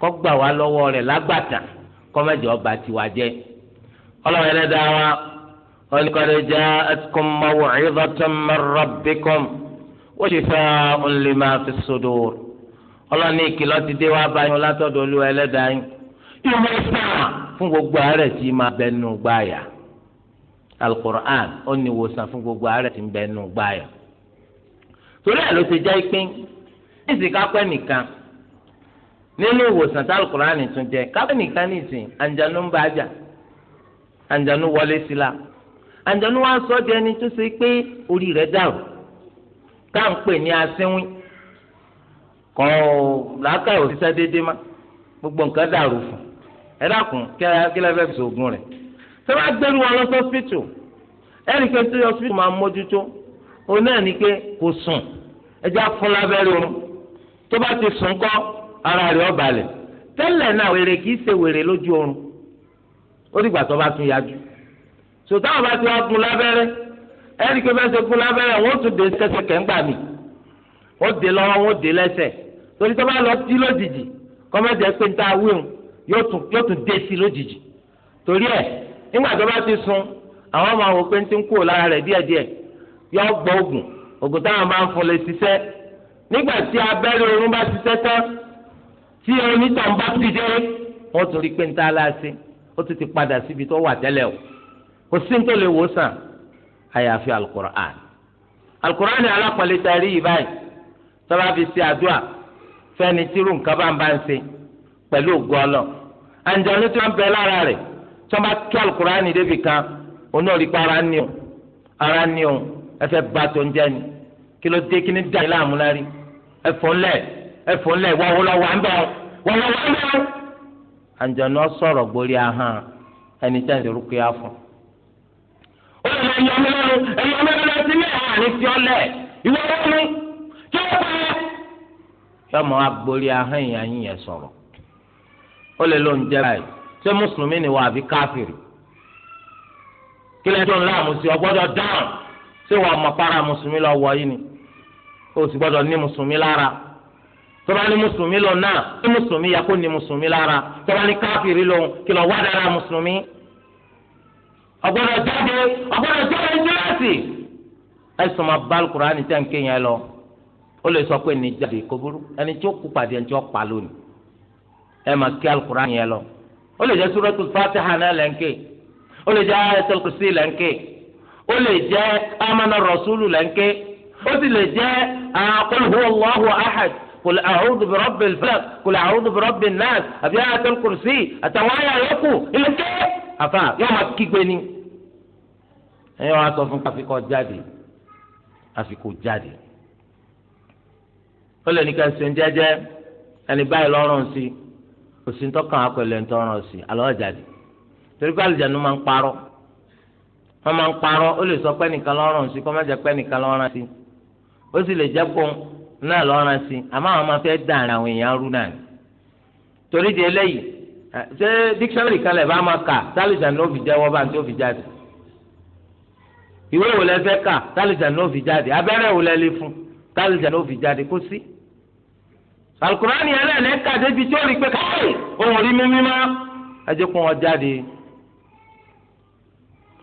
kọ́ gbà wá lọ́wọ́ rẹ̀ lágbàtà kọ́ mẹ́jọ ọba tiwa jẹ́ wa jẹ́ mọ́wọ́ ẹ̀yẹ́dọ́tọ́ bíkọ́m fi sódò ọlọ́ni ìkìlọ̀ ti dé wá báyìí látọ̀dọ̀ olú ẹlẹ́dàá yín ìwọ sàn fún gbogbo àárẹ̀ tí máa bẹnu gbáyà alukur'an ó ní ìwòsàn fún gbogbo àárẹ̀ tí ń bẹnu gbáyà torí ẹ̀ ló ti jẹ́ pín níìsì kápẹ́ nìkan nínú ìwòsàn tí alukur'an tún jẹ kápẹ́ nìkan níìsìn àǹjànú ń bàjà àǹjànú wọlé sí la àǹjànú wa sọ jẹ ẹni tó ṣe pé orí rẹ̀ dàrú táà ń pè ní asínwín kàn ó làákàyè òṣìṣẹ́ déédéé má gbogbo nǹkan dàrú fún ẹ dákun kí lẹ fẹ́ fi sògùn rẹ̀ tó bá gbẹ́rù wọn lọ sọ́sìpìtì ẹnì kan tó yọ sọ́sìpìtì máa mójútó òun náà ní pé kò sùn ẹjẹ́ afúnlábẹ́rẹ́ oorun tó bá ti sùn kọ́ ara rẹ̀ ó balẹ̀ tẹ́lẹ̀ náà wèrè kìí ṣe wèrè lójú oorun ó dìgbà tó bá tún yájú sòtáwọn bá ti wá gun lábẹ́rẹ́ ẹnì kan fẹ́ ṣe gun lábẹ́rẹ́ wọ́n tún dé sẹ́sẹ̀kẹ́ ńgbà mìí wọ́n dé lọ́wọ́ wọ́n dé lẹ́sẹ̀ torí tó bá lọ sí lójijì kọ́mẹ́jẹ pé ń ta wíwù yóò tún dé sí lójijì torí ẹ̀ nígbà ti sun àwọn ọmọ àwọn pé ti ń kúrò lára rẹ̀ díẹ̀díẹ̀ yọ gbọ́ ògùn ògùn táwọn máa ń fún lè ṣiṣẹ́ nígbà tí abẹ́rẹ́ oorun bá ṣiṣẹ́ tán tí onítàn bá ti dé wọ́n tún rí ti padà síbi tó wà tẹ́lẹ̀ o kò sí ní tó lè wò sàn àyàfi ni tọ́ba fi ṣe àdúrà fẹ́ni tí nǹkan bá ń ọlọ àǹjọ́ni tí wọ́n bẹ lára rẹ̀ tí wọ́n bá tú alukurani débi kan onórí pa ara ní o ara ní o ẹfẹ bá tó ń jẹ ni kí ló dé kí ni dà ní láàmú lárí ẹfọ ńlẹ ẹfọ ń bẹ ń sọ̀rọ̀ yọmọ agbórí ahọ́n ìyá yín yẹn sọ̀rọ̀ ó lè lóun jẹ́ báyìí ṣé mùsùlùmí ni wàá fi káfìrì kí lẹ́yìn tó ń láàmú sí ọ gbọ́dọ̀ dáhùn ṣé wàá mọ̀ para mùsùlùmí lọ wọ yín ni o sì gbọ́dọ̀ ní mùsùlùmí lára tó bá ní mùsùlùmí lọ náà ní mùsùlùmí yẹ kó ní mùsùlùmí lára tó bá ní káfìrì lòun kí lọ wá dára mùsùlùmí ọgbọ́dọ̀ jáde ọgbọ́dọ̀ jáde ẹ ó lè sọ pé nìjáde kò burú ẹni tí ó kú pàdé ẹni tí ó pa lónìí ẹ máa kí alukóra yẹn lọ ó lè jẹ́ suratul fatiha náà lẹ́ńkè ó lè jẹ́ ayatul kursi lẹ́ńkè ó lè jẹ́ amana rasulu lẹ́ńkè ó sì lè jẹ́ ah, qul huwallahu ahad qul a'udhu birabbil falaq qul a'udhu birabbin nas àbí ayatul kursi àtàwọn ayé àyẹ̀kù lẹ́ńkè àfà yóò máa kígbe ni ẹ̀yin wàá sọ fún káfíkọ́ jáde àfikò jáde. o le ní ká ṣe ń jẹ́jẹ́ ẹni báyìí lọ́rùn sí òsì ńtọ́kàn àpẹẹlẹ ńtọ́rọ̀ sí alọ́ torí pé àlùjáde máa ń parọ́ wọ́n máa ń parọ́ ó lè sọ pé nìkan lọ́rùn sí kó má jẹ́ pé nìkan lọ́rùn sí ó sì lè náà sí àwọn máa àwọn èèyàn rú náà torí di eléyìí ṣé bá máa kà fi bá tó fi jáde ìwé kà fi jáde abẹ́rẹ́ kálíjà ló fi jáde kó sí. alukurani ẹlẹ́ẹ̀lẹ́ ká débi tí ó rí pé káyé òun rí mímí má ẹ jẹ́ kó wọn jáde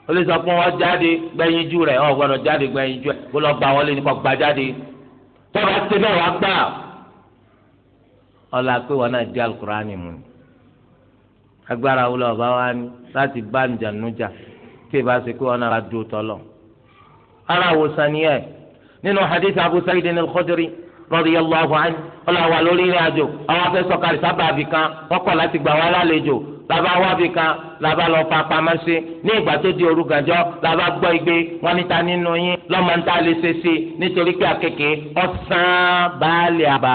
ó lè sọ pé wọn jáde gbẹ̀yìn ju rẹ̀ ọ̀ gbọ́dọ̀ jáde gbẹ̀yìn ju ẹ̀ kó lọ́ọ́ gba wọn lé nípa gba jáde tọ́ba ti bẹ́ẹ̀ wá gbà ọ̀la pé wọn náà di alukurani mu ni agbára wo lọ́ọ́ bá wá ní láti bá nìjànú jà tí ì bá ṣe pé wọn náà bá dúró tọ́lọ̀ ara wo sani ẹ̀ nínú hadith abu sa'id al-khudri radiyallahu anhu ọlọ́wà lórí ìrìn àjò àwọn afẹ́sọ̀ kàrí sábàbí kan wọ́kọ̀ láti gbà wá lálejò làbá wábì kan làbá lọ fa pamọ́ sí ní ìgbà tó di òru gànjọ́ làbá gbọ́ igbe wọn níta nínú yín lọ́mọ ń ta lè ṣe sí i nítorí pé àkekèé ọ̀sán baálé àbá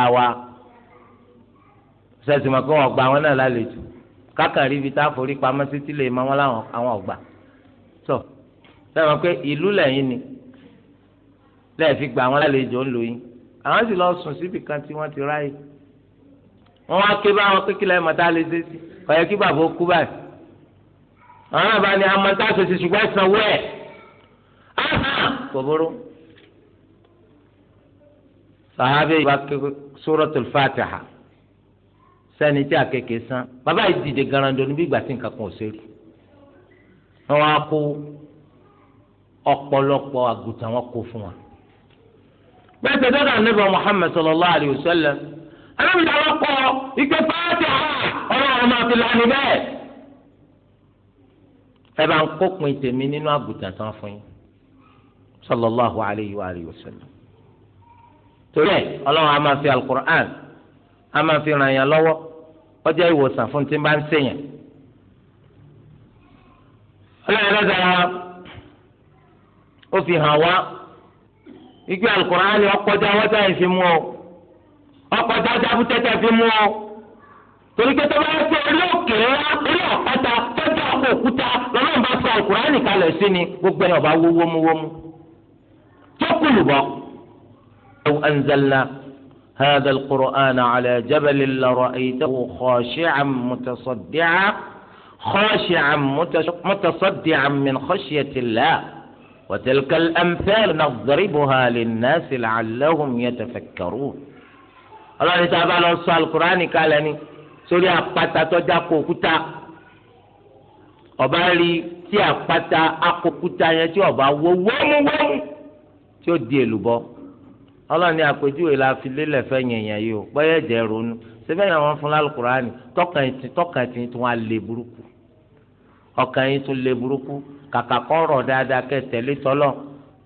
sẹ́sì mọ̀ pé wọ́n gba àwọn náà lálejò kákàrí ibi tá a forí pamọ́ tí lè mọ wọn láwọn àwọn ọ̀gbà. sọ sẹ́wọ̀n pé ìlú lẹ́yìn ni lẹ́ẹ̀fi gba àwọn àlejò ń lò yín àwọn sì lọ sùn síbi kan tí wọ́n ti ráyè wọ́n wá ké báwọn kékeré mọ̀tá lè ṣe sí ọ̀yẹ́ kí bàbá ó kú báyìí àwọn àbá ni amọ̀tá ṣèṣe ṣùgbọ́n ìsanwó ẹ̀ kòbóró sàhábẹ́ yìí wá ké suratul Fatiha sẹ́ni tí àkẹ́kẹ́ san bàbá yìí dìde garando níbi ìgbà tí nǹkan kan ò ṣe rí wọ́n wá kó ọ̀pọ̀lọpọ̀ àgùntàn wọn kó fún wa bẹ́ẹ̀ tẹ dọ́dọ̀ anábìá muhammed sallallahu alayhi wa sallam anábìá wọn kọ ìpè fáàtì ọlọ́run máa fi lánìí bẹ́ẹ̀. ẹ bá ń kópin tèmi nínú àgùntàn tán fún yín sallallahu alayhi wa alayhi wa sallam. torí ẹ ọlọ́run a máa fi alukur'an a máa fi ràn yàn lọ́wọ́ ọjọ́ ìwòsàn fún tí n bá ń sèyàn. ọlọ́run ẹ̀rọ dára ó fi hàn wá igi alukurani ọkọjá wọ́tá yìí fi mú ọ ọkọjá jábútẹ́ tẹ́ fi mú ọ torí pé tó bá yẹ pé orí òkè ńlá orí ọ̀páta tọ́jú àpò òkúta lọ́nà bá sọ alukurani kalẹ̀ sí ni gbogbo ẹ̀ ọba wó wómúwómú tó kùlù bọ́. لو أنزلنا هذا القرآن على جبل لرأيته خاشعا متصدعا خاشعا متصدعا من خشية الله وتلك الأمثال نضربها للناس لعلهم يتفكرون ọlọ́run tí a bá lọ sọ alukurani kalẹ̀ ni sórí àpáta tọ́já kó òkúta ọba rí tí àpáta akókúta yẹn tí ọba wó wọ́múwọ́mú tí ó di èlùbọ́ ọlọ́run ní àpèjúwe la fi lélẹ̀ fẹ́ yẹ̀yẹ̀ yìí o pẹ́yẹ́ jẹ́ ronú síbẹ̀ yẹn wọ́n fún alukurani tọkàn tí tọkàn tí tún wá lé burúkú ọkàn yìí tún lé burúkú kàkà dáadáa kẹ́ tẹ̀lé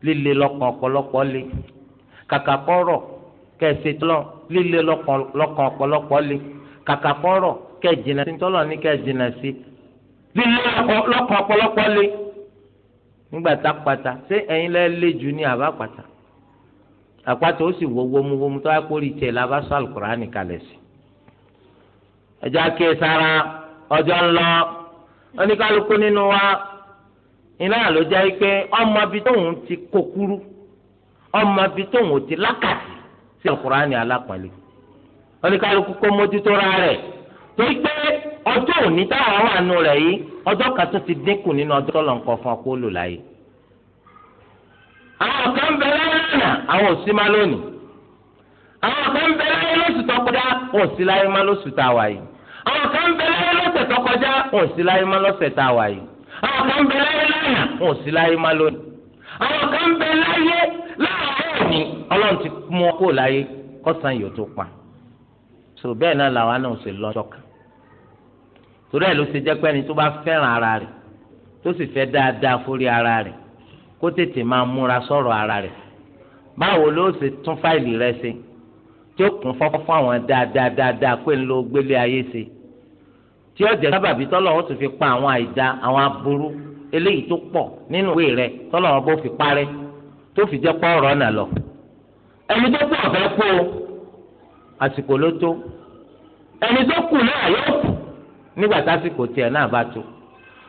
líle lọ́kàn ọ̀pọ̀lọpọ̀ le kàkà kọ́rọ̀ kẹ́ líle lọ́kàn ọ̀pọ̀lọpọ̀ le kàkà sí ní sí líle lọ́kàn ọ̀pọ̀lọpọ̀ le pata ṣé ẹ̀yin lẹ́ lé jù ní àbá pata àpáta ó sì wo womuwomu tó wá la iná ló jẹ́ pé ọmọ bíi tóun ti kókúrú ọmọ bíi tóun ti lákàtì sí àkùránì alápọ̀nlé oníkálukú kó mójútó ra rẹ̀ torí pé ọjọ́ òní táwọn wà nù rẹ̀ yìí ọjọ́ kan tó ti dínkù nínú ọjọ́ tó lọ́nkọ fún ọkọ lò láyé. àwọn kan bẹ lánàá àwọn òsì má lónìí àwọn kan bẹ láyé lóṣù tó kọjá òsì láyé má lóṣù tá a wà yìí àwọn kan bẹ láyé lọ́sẹ̀ tó kọjá òsì láyé má lọ́sẹ̀ tá a wà yìí àwọn kan bẹ láyé lánàá wọn ò sí láyé má lónìí àwọn kan bẹ láyé láàárọ̀ ni ọlọ́run ti mú ọ kó láyé kọ́sán yóò tó pa so bẹ́ẹ̀ náà làwa náà ṣe lọ́jọ́ kan torí ẹ̀ ló ṣe jẹ́ pé ẹni tó bá fẹ́ràn ara rẹ̀ tó sì fẹ́ dáadáa forí ara rẹ̀ kó tètè máa múra sọ̀rọ̀ ara rẹ̀ báwo ló ṣe tún fáìlì rẹ ṣe tí ó kún fọ́fọ́ fún àwọn dáadáa dáadáa pé ń lo gbélé ayé ṣe tí ó jẹ́ sábàbí tọ́lọ̀ ó tún fi pa àwọn àìda àwọn aburú eléyìí tó pọ̀ nínú ìwé rẹ̀ tọ́lọ̀ wọn bó fi parẹ́ tó fi jẹ́ pọ́ ọ̀rọ̀ náà lọ. ẹni tó kù ọ̀fẹ́ kú o àsìkò ló tó ẹni tó kù náà yóò kù nígbà tásìkò tiẹ̀ náà bá tó.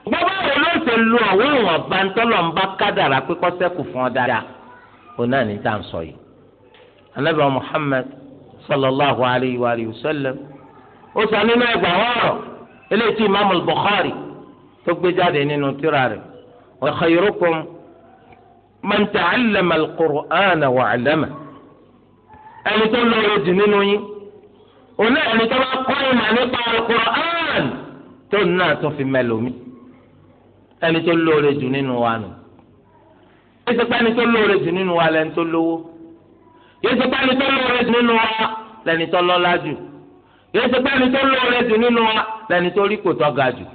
gbogbo àwọn olóòṣè lu àwọn ìwọ̀n bá ń tọ́lọ̀ ń bá kádàrà pé kọ́sẹ́kù fún ọ dáadáa ó náà ní tá à ń sọ yìí. anábì Muhammad sallallahu alayhi wa sallam ó sọ nínú ẹgbàá ọ̀rọ̀ Bukhari tó gbé jáde nínú tírà rẹ̀ wa khayrukum man ta'allama al-Qur'ana wa 'allamahu ẹni tó lóore jù nínú yín òun náà ẹni tó bá kọ́ ìmọ̀ nípa al-Qur'an tó náà tó fi mẹ́lòmí ẹni tó lóore jù nínú wa nù yéésù pẹ́ni tó lóore jù nínú wa lẹ́ni tó lówó yéésù pẹ́ni tó lóore jù nínú wa lẹ́ni tó lọ́lá jù yéésù pẹ́ni tó lóore jù nínú wa lẹ́ni tó rí kò tó ga jù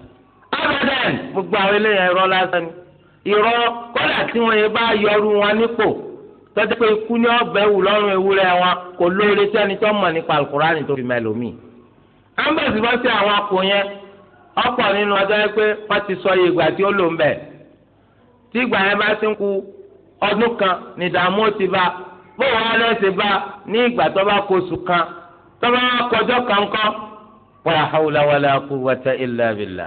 abadan gbogbo àwọn eléyàn irọ́ lásán ni irọ́ kọ́dà tí wọ́n yẹn bá yọrù wọn nípò tọ́jú pé ikú ní ọbẹ̀ wù lọ́rùn ewúrẹ́ wọn kò lóore tí ẹni tó mọ̀ nípa alukurani tó fi mẹ́lòmíì. ambasi bá sí àwọn akọ yẹn ọ̀pọ̀ nínú ọjọ́ yẹn pé wọ́n ti sọ iye ìgbà tí ó lò ń bẹ̀. tí ìgbà yẹn bá ti ń ku ọdún kan ní ìdààmú ti bá bóun wọn lẹ́sẹ̀ bá ní ìgbà tó bá kó oṣù kan tó bá kọjọ́ kan kọ́. wàhálà wàlà kú wàtá ilà bìlà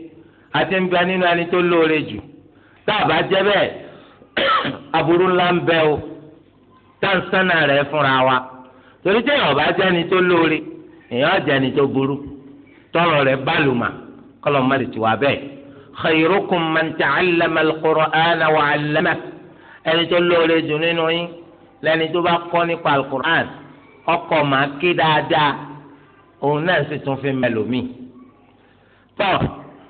àti ń bẹ nínú ẹni tó lóore jù tá a bá jẹ́ bẹ́ẹ̀ aburú ńlá ń bẹ o tá ń sánà rẹ̀ fúnra wa torí tí èèyàn bá jẹ́ ẹni tó lóore èèyàn jẹ́ ẹni tó burú tọrọ rẹ̀ bálùmà kọlọ̀ mọ́lẹ̀ tí wà bẹ́ẹ̀ khayrukum man ta'allama al-Qur'ana wa 'allama ẹni tó lóore jù nínú yín lẹni tó bá kọ́ nípa al ọkọ̀ màá ké dáadáa òun náà sì tún fi mẹ́lòmíì tọ́.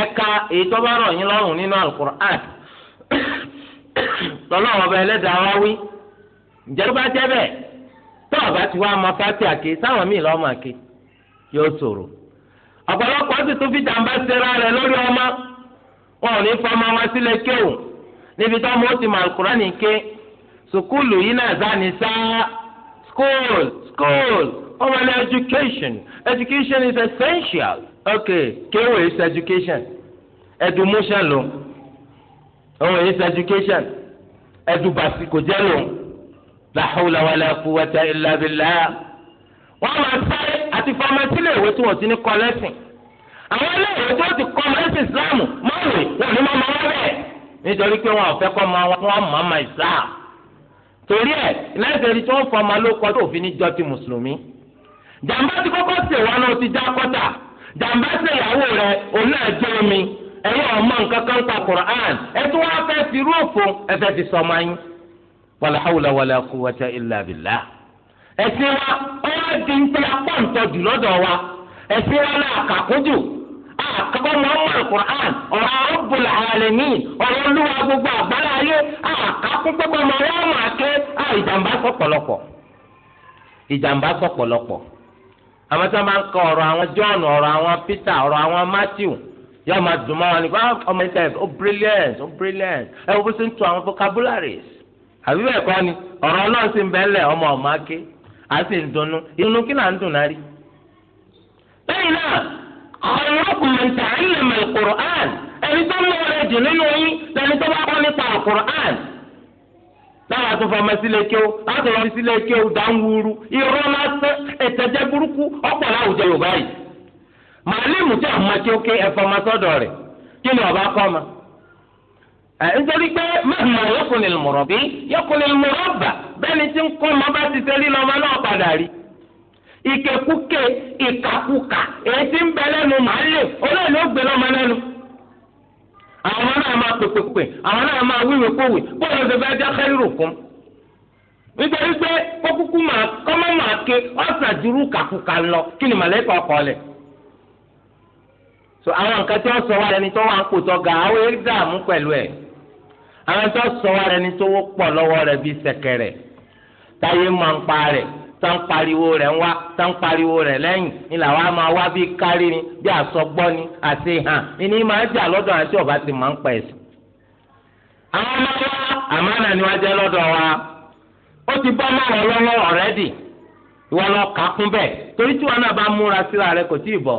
ẹ̀ka èyí tó bá yín lọ́rùn nínú alukur'an lọ́lọ́run ọba ẹlẹ́dàá wá wí ǹjẹ́ ló bá tó ọba ti wá ọmọ fati àké sáwọn míì lọ́mọ àké yóò ọ̀pọ̀lọpọ̀ fi jàǹbá ṣera rẹ̀ lórí ọmọ wọn ò ní wọn sílẹ̀ kéwù níbi tó ọmọ ó ti mọ is essential. ok kéwò is education edumotion lò òun is education edubasi kò jẹ́ lò la hawla wala quwwata illa billah wọ́n máa sáré àti fọmọsí lè wé tí wọ́n ti ní kọ́ lẹ́sìn àwọn iléèwé tó ti kọ́ lẹ́sìn ìsìláàmù mọ́ọ̀lì wọn ò ní máa máa wọ́ọ̀rẹ́ nítorí pé wọn ò fẹ́ kọ́ máa wọ́n máa máa ìsìláàmù torí ẹ̀ lẹ́sẹ̀ rí tí wọ́n fọmọ ló kọ́ tó fi ní jọ́ ti mùsùlùmí jàǹbá ti kọ́kọ́ sèwọ́n náà ti já kọ́tà jàǹbá ṣèyàwó rẹ òun náà jẹ́ omi ẹ̀yin ọmọ nǹkan kan pa Qur'an ẹ tún wá fi rúùfù ẹ yín. wàlá wàlá illa billah. ẹ̀sìn wa ọ̀rọ̀ di ń tẹ́ pọ̀ǹtọ̀ jù lọ́dọ̀ wa ẹ̀sìn wa náà kàkójù àkọ́kọ́ ọmọ Qur'an ọ̀rọ̀ Rabbul alamin ọ̀rọ̀ olúwa gbogbo àgbáyé ayé àkàkúgbọ́gbọ́ mọ́ ọmọ àké sọ̀pọ̀lọpọ̀ àmọ́ tí wọ́n bá ń kọ ọ̀rọ̀ àwọn John ọ̀rọ̀ àwọn Peter ọ̀rọ̀ àwọn Matthew yóò máa dùn mọ́ wọn ni ah, ọmọ ìta ẹ̀ brilliant ó brilliant ẹ wo bó ṣe ń tu àwọn vocabularies àbí bẹ́ẹ̀ kọ́ ni ọ̀rọ̀ náà sì ń bẹ́ẹ̀ ọmọ ọ̀ma ké à sì ń dunnú kí táwọn àtúnfọ ọmọ sílé kí ó o ọmọ sílé kí ó dáńwúrú irọ́ lásán ẹ̀tẹ̀jẹ́ burúkú ọ̀pọ̀ láwùjọ yorùbá yìí màálímù tí àwọn kí ké sọ́dọ̀ rẹ̀ kí ni ọba kọ́ ma nítorí pé mẹ́hìnmá yọkùnrin mọ̀rọ̀ bí yọkùnrin mọ̀rọ̀ bà bẹ́ẹ̀ni tí ń kọ́ ọmọ bá ti ọmọ náà padà rí ìkàkùkà èyí ń bẹ lẹ́nu àwọn náà máa pèpèpè àwọn náà máa wíwèé kówè bóyá ọ̀sẹ̀ fẹ́ jẹ́ kẹ́rìrò fún nítorí pé kókúkú máa kọ́mọ́ máa ké ọ̀sán kàkúkà lọ kí ni lẹ̀ so àwọn nǹkan tí wọ́n sọ wá ẹni tó ga àwọn eré dààmú pẹ̀lú ẹ̀ àwọn tó sọ wá tán pariwo rẹ̀ ń wá tán pariwo rẹ̀ lẹ́yìn ni làwọn á máa wá bí kárí ni bí àsọgbọ́ ni àti hàn ìní máa jà lọ́dọ̀ àti ọ̀bá ti máa ń pẹ̀ sí. àwọn ọmọ wa àmánà ni wọ́n jẹ́ lọ́dọ̀ wa ó ti bọ́ mọ́rọ̀ lọ́wọ́ ọ̀rẹ́dì ìwọ lọ kà á kún bẹ́ẹ̀ torí tí wọn náà bá múra síra rẹ kò tí ì bọ̀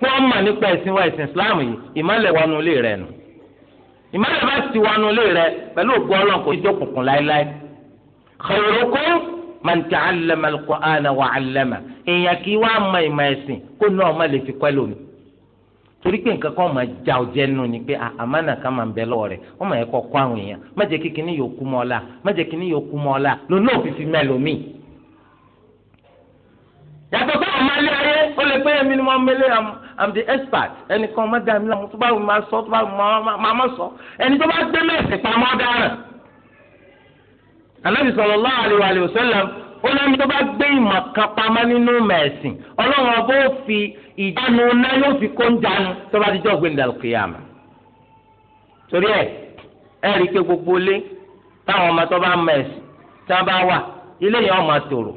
pé wọ́n mọ̀ nípa ẹ̀sìn wa ẹ̀sìn islam yìí ìmọ̀lẹ̀ wọnú ilé rẹ nù ìmọ̀lẹ̀ bá ti wọnú ilé rẹ pẹ̀lú ògbó ọlọ́run kò jọ kùnkùn láéláé khairukum man ta'allama al-Qur'ana wa 'allama èèyàn kì í wá mọ ìmọ̀ ẹ̀sìn kó náà má lè fi kọ́ lómi torí pé nǹkan kan máa ja ọjẹ́ nù ni pé ah, àmánà kan máa ń bẹ lọ́wọ́ rẹ̀ wọ́n máa kọ́ kọ́ àwọn èèyàn má jẹ́ yóò kú mọ́ ọ́lá má jẹ́ yóò kú mọ́ ọ́lá lónà òfìfì mẹ́lòmí. yàtọ̀ sọ́wọ́n máa lé ayé ó lè pé èmi ni wọ́n mẹ́lẹ́ i'm the expert ẹnìkan má dá mi láwọn tó bá wù mí máa sọ tó bá wù mí máa má sọ ẹni tó bá gbé mẹ́sì pamọ́ dáràn. ànábì sallallahu alaihi wa sallam ó lẹ́nu tó bá gbé ìmọ̀ kan pamọ́ nínú mẹ́sìn ọlọ́run ọba ó fi ìdánu ná yóò fi kó ń dànù tó bá dijọ́ gbé ndàlùkìyàmà. torí ẹ ẹ rí i pé gbogbo ilé táwọn ọmọ tó bá mẹ́sìn tí wọ́n bá wà ilé yẹn ọmọ tòrò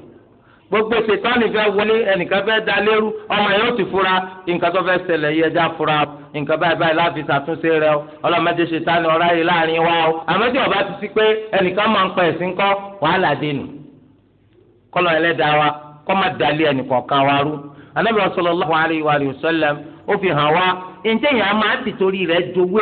gbogbo ṣètọ́ni fẹ́ wọlé ẹnìkan fẹ́ da lérú ọmọ yóò ti fura nǹkan tó fẹ́ ṣẹlẹ̀ yẹ ẹja fura nǹkan báyìí báyìí láti ṣàtúnṣe rẹ o ọlọ́mọdé ṣètọ́ni ọ̀rá yìí láàrin wa o àmọ́ ọba ti sí pé ẹnìkan máa ń pa ẹ̀sìn kọ́ wàhálà dénú kọ́lọ̀ ẹlẹ́dàá wa kọ́ má dalẹ̀ ẹnìkan kan wa rú anábìrì sallallahu alayhi wa sallam ó fi hàn wá ǹjẹ́yìn a máa ti torí rẹ̀ jowó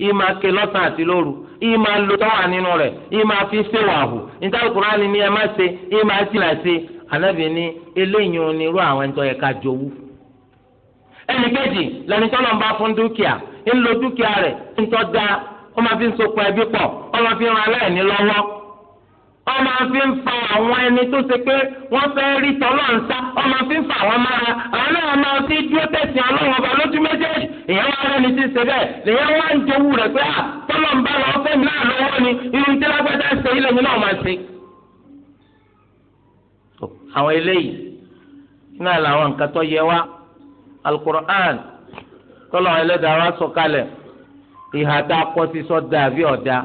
ima ke ké lọ́sàn àti lóru yìí máa lo tọ́wà nínú rẹ̀ yìí máa fi ṣèwàhù ìtàkùránì ni ẹ má ṣe yìí máa là ṣe ànábì ni eléyìí ò irú àwọn ẹni tó yẹ ká ẹnì kejì da fi ń ẹbí ọ máa fi ń fa àwọn ẹni tó ṣe pé wọ́n ri rí tọ́lọ́run sá wọ́n fi ń fa àwọn mára àwọn náà máa fi dúró tẹ̀sìn ọlọ́run ọba lójú méjèèjì èèyàn wá rẹ́ni tí ń ṣe bẹ́ẹ̀ lèèyàn wá ń jowú rẹ̀ pé à ah, tọ́lọ́run bá lọ ni irun tí ṣe náà máa ṣe. àwọn eléyìí náà làwọn nǹkan tó yẹ wá alukur'an wa ìhà tá a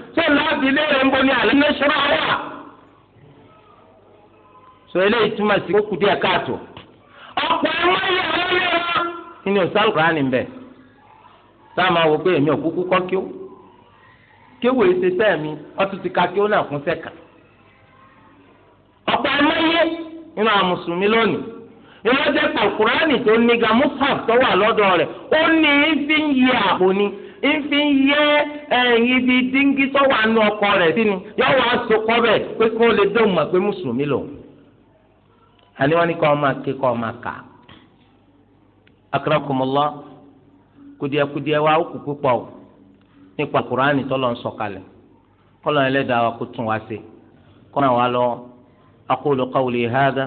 ṣé láàbì ilé rẹ̀ ń bọ ní àlẹ́ mẹ́sọ́rọ́ wà. sọ eléyìí túmọ̀ sí kókù díẹ̀ káàtó. ọ̀pọ̀ ẹ̀rọ yẹ àwọn ilé wa. kí ni òsán kura ni bẹ́ẹ̀ tá a máa wọ pé èmi ò kúkú kọ́ kí ó kí ṣe sẹ́ẹ̀ mi ọtún ti ka kí ó náà fún sẹ́ka. ọ̀pọ̀ ẹ̀rọ yẹ nínú àwọn mùsùlùmí lónìí ìwọ́n jẹ́ tó ní ga mustaf tó wà lọ́dọ̀ rẹ̀ ó ní í fi ń yẹ àpò ni. ìfi yẹ ẹ̀yìn ibi díngí tó wà nù ọkọ rẹ̀ sínú yóò wá sokọ́ bẹ̀ pé kí wọ́n lè dé òun mọ̀ pé mùsùlùmí lò. àní wọ́n ní kọ́ ọmọ ké kọ́ ọmọ kà. akérèkọ́mọlá kùdìẹ̀kùdìẹ̀ wa ó kù púpọ̀ o nípa kùránì tó lọ ń sọ̀kalẹ̀ kọ́lọ́ ẹlẹ́dàá wa kó tún wá sí kọ́nà wa lọ aqulu qawli hadha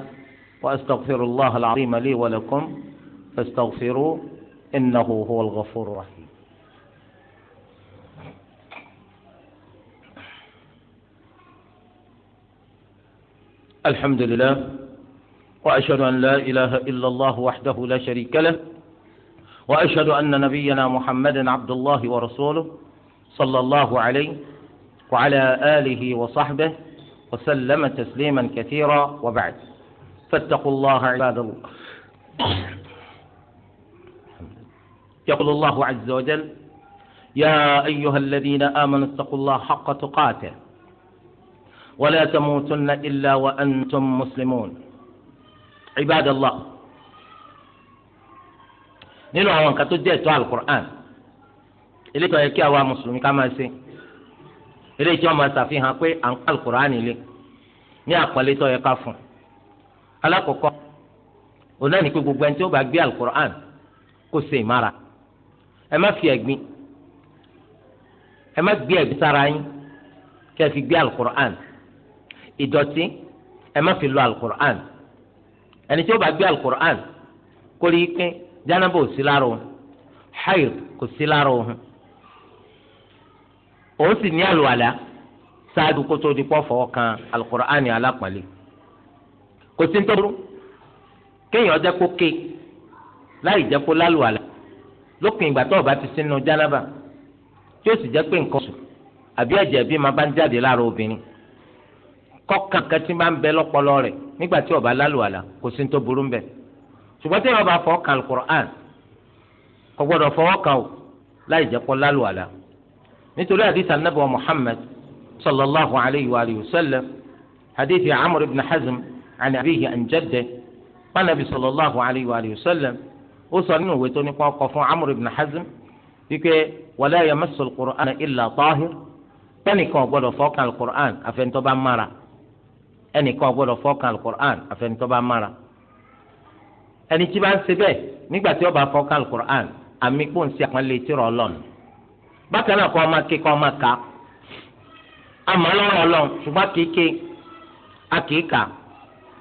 wa astaghfirullaha al-azim li wa lakum fastaghfiruhu innahu huwal ghafurur rahim. الحمد لله وأشهد أن لا إله إلا الله وحده لا شريك له وأشهد أن نبينا محمدا عبد الله ورسوله صلى الله عليه وعلى آله وصحبه وسلم تسليما كثيرا وبعد فاتقوا الله عباد الله يقول الله عز وجل يا أيها الذين آمنوا اتقوا الله حق تقاته ولا تموتن إلا وأنتم مسلمون عباد الله nínú àwọn nǹkan tó jẹ́ ẹ̀tọ́ alukur'an eléyìí tó yẹ kí àwa mùsùlùmí ká máa ṣe eléyìí tí wọ́n máa ṣàfihàn pé à ń kọ́ alukur'an ilé ní àpọ́nlé tó yẹ ká fún alákọ̀ọ́kọ́ òun náà ní pé gbogbo ẹni tí ó bá gbé alukur'an kó ṣe ìmára ẹ má fi ẹ̀gbin ẹ má gbé ẹ̀gbin sára yín kí ẹ fi gbé alukur'an ìdọ̀tí ẹ má fi lo alukur'an ẹni tí ó bá gbé alukur'an kó rí i pé ò sí lára òun hayd kò sí lára òun òun sì ní àlùwàlà kó kan alukur'an alápàlẹ́ kò sí nítorí kéèyàn jẹ́ kó ké láì jẹ́ kó lálùwàlà lópin ìgbà tó o bá ti sínú jánàbà tí ó sì jẹ́ pé nǹkan sùn àbí ẹ̀jẹ̀ bí kọ́kàn kan tí máa ń bẹ lọ́pọlọ rẹ̀ nígbà tí ó bá lálùwàlà kò sí ní tó burú bẹ́ẹ̀ ṣùgbọ́n tí ó bá fọwọ́ kan alukur'an kò gbọ́dọ̀ fọwọ́ kan o láì jẹ́ kó lálùwàlà nítorí hadith anabi wa sallallahu alayhi wa sallam hadith amr ibn hazm an abihi an panabi sallallahu alayhi wa sallam ó sọ nínú ìwé tó ní kó kọ fún amr ibn hazm wípé wàlẹ́ yamasul qur'an illa tahir pẹ́nìkan ò gbọ́dọ̀ fọwọ́ kan alukur'an àfẹnitọ́ bá mara. ẹnìkan gbọ́dọ̀ fọkàn alukur'an àfẹnitọ́ bá mara ẹni tí bá ń ṣe nígbà tí ó fọkàn alukur'an àmì àpọ́nlé tí rọ lọ́nù bákan náà kọ́ ọ máa ké kọ́ ọ máa kà á a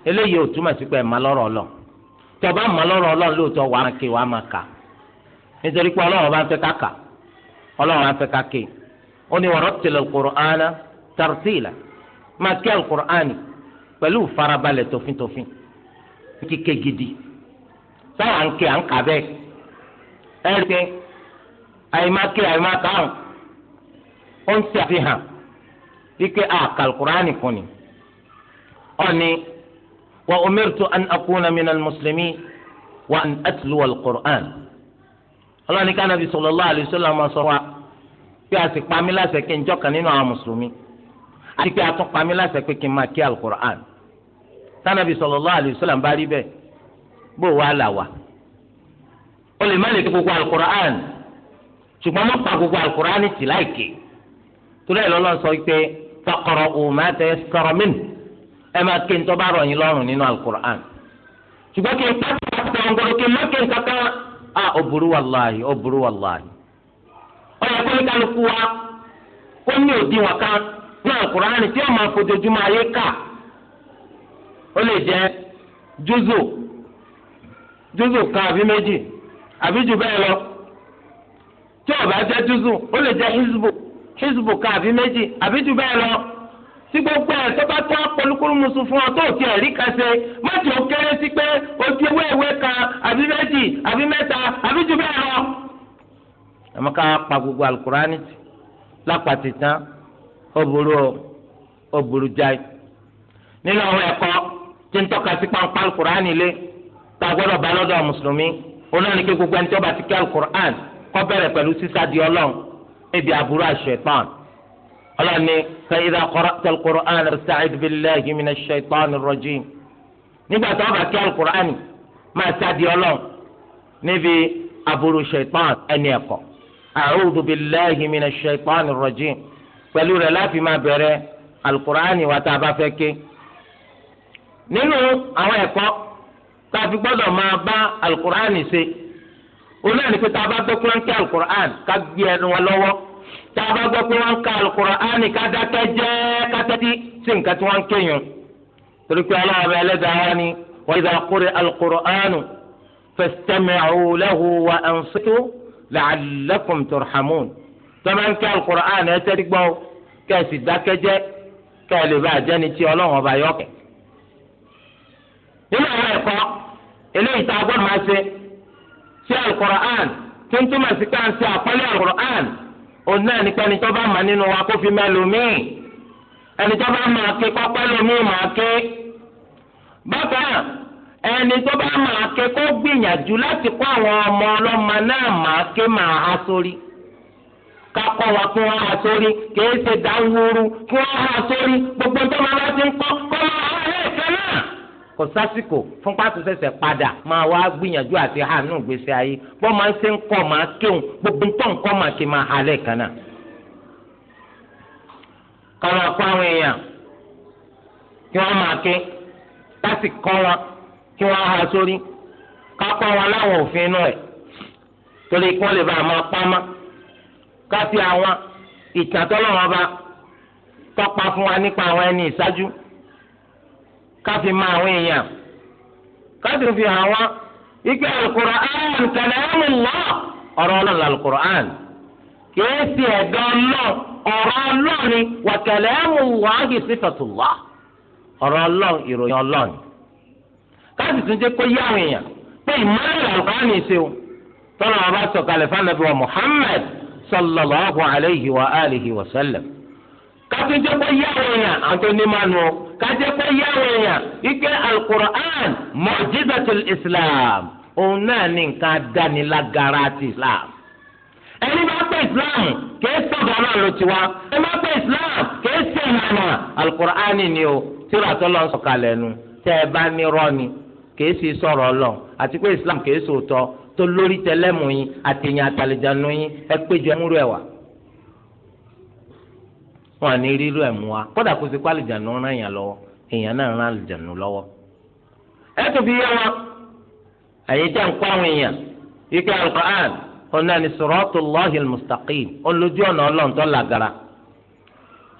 eléyìí ò túmọ̀ sí pé ẹ̀ máa tí ọba lóòótọ́ wàá ké wàá nítorí pé ọlọ́run bá ń fẹ́ ọlọ́run bá ń fẹ́ ó ní ké pẹ̀lú farabalẹ̀ tòfintòfin kíkẹ́ gidi sáwọn ànkẹ́ ànkà bẹ́ẹ̀ ẹ̀rẹ́kẹ́ àyèmákẹ́ àyèmákà hàn ó ń ṣe àfihàn wípé àkàlùkùránì kùnì ọ̀ni wa umirtu an akuna minal muslimin wa an atluwa alqur'an ọlọ́ni ká nàbí sallallahu alaihi wasallam máa sọ wa bí a sì pa mí láṣẹ kí n jọ́kan nínú àwọn mùsùlùmí àti pé atúnpamí láti pé kí n máa kí alukur'an tánàbí sallallahu alaihi wasallam bá rí bẹ́ẹ̀ bó wàá là wà o lè má lè kí gbogbo alukur'an ṣùgbọ́n má pa gbogbo alukur'an tì láìké torí lọ́lọ́ sọ pé faqra'u ma tayassara minhu ẹ máa kí n tó bá rọ̀ lọ́rùn nínú alukur'an ṣùgbọ́n kí n pàṣẹ àtàwọn kí n má kí n kankan a ah, ò burú wàláhì ò burú wàláhì ọ̀yà kó kálukú wa kó òdiwọ̀n kan ní àkùránì tí ọmọ afojoojúmọ́ ayé kà ó lè jẹ́ júzò júzò kan àbí méjì àbí jù bẹ́ẹ̀ lọ tí ó bá jẹ́ júzò ó lè jẹ́ hizbu hizbu kan àbí méjì àbí jù bẹ́ẹ̀ lọ tí gbogbo ẹ̀ tó bá tó apọ̀lùkùrù musu fún ọ tó tiẹ̀ rí ka ṣe ó kéré sí pé ojú ewé ìwé kan àbí méjì àbí mẹ́ta àbí jù bẹ́ẹ̀ lọ. àmọ́ ká pa gbogbo alukurani lápá tán ó burú ó burú jáì nínú àwọn ẹ̀kọ́ tí ń tọ́ka sí pàǹpá alukur'an ilé tá a gbọ́dọ̀ bá lọ́dọ̀ mùsùlùmí olóòní kí gbogbo ẹni tó bá ti kí alukur'an kó bẹ̀rẹ̀ pẹ̀lú sísá di ọlọ́run níbi àbúrò àṣetán ọlọ́ni fẹ́ẹ́dá kọ́rọ́tà alukur'an rẹ̀sáìd bíláhi mina ṣetán rọ̀jìn nígbà tó bá kí alukur'an máa sá di ọlọ́run níbi àbúrò ṣetán ẹni ẹ̀kọ́ a'udhu billahi mina ṣetán rọ̀jìn pẹ̀lú rẹ̀ láti máa bẹ̀rẹ̀ alukur'ani wa tá a bá fẹ́ ké nínú àwọn ẹ̀kọ́ tá a fi gbọ́dọ̀ máa bá alukur'ani ṣe òun náà ní pé tá a bá gbọ́ pé wọ́n ń ké alukur'ani ká gbé ẹnu wa lọ́wọ́ tá a bá gbọ́ pé ń ká alukur'ani ká dákẹ́ jẹ́ ká sí nǹkan tí wọ́n ń ké yun torí pé ọlọ́wọ́ bẹ ẹlẹ́dàá wa ni wa idha quri alukur'anu fastami'u lahu wa ansitu la'allakum turhamun tọ́ba ń kí alukur'an ẹ tẹ́tí gbọ́ kẹ́sì dákẹ́jẹ́ kẹ́ẹ̀ lè bá àjẹni tí ọlọ́run ọba yọ kẹ́. nínú àwọn ẹ̀kọ́ eléyìí tá a gbọ́dọ̀ máa ṣe sí alukur'an tó ń túmọ̀ sí káńsì àpọ́lé alukur'an òun náà nípa ẹni tọ́ba mà nínú wa kó fi mẹ́lòmíì ẹni tọ́ba máa ké kọ́pẹ́ lómi máa ké bákan ẹni tó máa ké kó gbìyànjú láti kó àwọn ọmọ ọlọ́mọ náà máa ké máa há sórí kakọ wa kí wọn hà sórí kìí dáwúrú kí wọn sórí gbogbo tó máa bá ti ń kọ kọ máa hà lẹ́ẹ̀kan náà. kò sásìkò fún padà máa wá gbìyànjú àti hànú gbèsè ayé bọ́ máa ń ṣe ń kọ́ máa kéwọn gbogbo tó ń kọ́ máa máa hà lẹ́ẹ̀kan náà. àwọn èèyàn kí wọn máa ké láti kọ́ wọn kí sórí wọn láwọn òfin inú ẹ̀ torí kí káfí àwọn ìtàn tọ́lọ́wọ́n bá tọ́pa fún wa nípa àwọn ẹni ìṣáájú káfí mọ àwọn èèyàn káfí fi hàn wá ike alukur'an kàlẹ́mù lọ ọ̀rọ̀ ọlọ́run alukur'an kìí sí ẹ̀dọ́ lọ ọ̀rọ̀ ọlọ́run wà kàlẹ́mù wàhí sífàtúwà ọ̀rọ̀ ọlọ́run ìròyìn ọlọ́run káfí tún jẹ́ kó yá àwọn èèyàn pé ìmọ̀lẹ́ alukur'an yìí ṣe o tọ́lọ̀ ọba sọ̀kalẹ̀ fún anabi wa Muhammad. sallallahu alayhi wa alihi wa sallam. káfí jẹ́ pé yá àwọn èèyàn àti onímọ̀nù kájẹ́ pé yá àwọn èèyàn ike alukur'an mu'jizatul islam òun náà ní nǹkan dánilágara ti islam. ẹni bá pẹ́ islam kìí sọ̀dọ̀ náà ló ti wá ẹni bá pẹ́ islam kìí sẹ̀ ìlànà alukur'an ni o tíra tó lọ sọ̀kalẹ̀ nu tẹ́ ẹ bá ní rọ́ọ̀ni kìí sì sọ̀rọ̀ lọ àti pé islam kìí sòótọ́ tó lórí tẹlẹmù yín àtẹyìn àtàlẹjànú yín ẹ péjọ ẹ múrò ẹ wá wọn à ní rírú ẹ mú wa kódà kó sì kó àlìjànú ràn yàn lọ́wọ́ èèyàn náà ràn àlìjànú lọ́wọ́. ẹ tó fi yé wọn àyè jẹ́ nǹkan àwọn èèyàn ike alquran ọ̀nà ni siratullahi almustaqim olójú ọ̀nà ọlọ́ọ̀tọ́ làgàrà.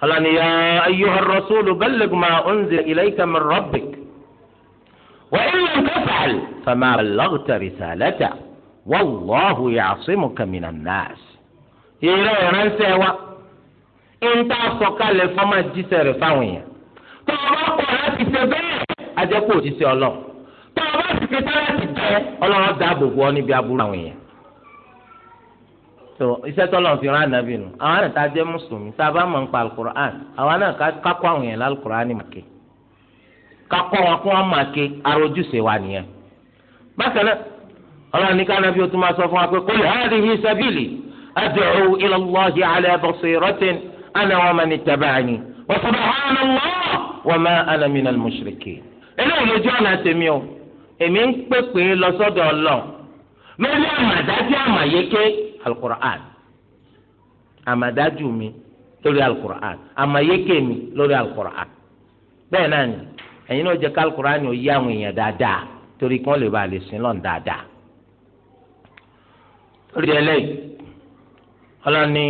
ọlọ́ni yā ayyuha ar-rasūlu balligh mā ilayka min rabbik wa in lam taf'al famā ballaghta risālatah. wallahu ya'simuka minan nas. ìrẹ́ ìránṣẹ́ wa ń tá a sọ fọ́mà jíṣẹ́ rẹ̀ fáwọn èèyàn. tó o bá kọ̀ láti ṣe bẹ́ẹ̀ ajẹ́pọ̀ ọlọ́run. tó o bá ti ṣetán láti jẹ́ ọlọ́run dáàbò bò ọ́ níbi aburú àwọn àwọn àna tá mùsùlùmí tá ọlọ́run ní kánábí o tún máa sọ fún wa pé qul hadhihi sabili ad'u ila Allahi ala basiratin ana wa man ittaba'ani wa subhanallah wa ma ana minal mushrikin. eléyìí lójú ọ̀nà tèmi o èmi ń pèpè lọ sọ́dọ̀ ọlọ́run lórí àmàdájú àmàyéké alukur'an àmàdájú mi lórí alukur'an àmàyéké mi lórí alukur'an bẹ́ẹ̀ náà ni ẹ̀yin rí ẹlẹ́yìí ọlọ́ni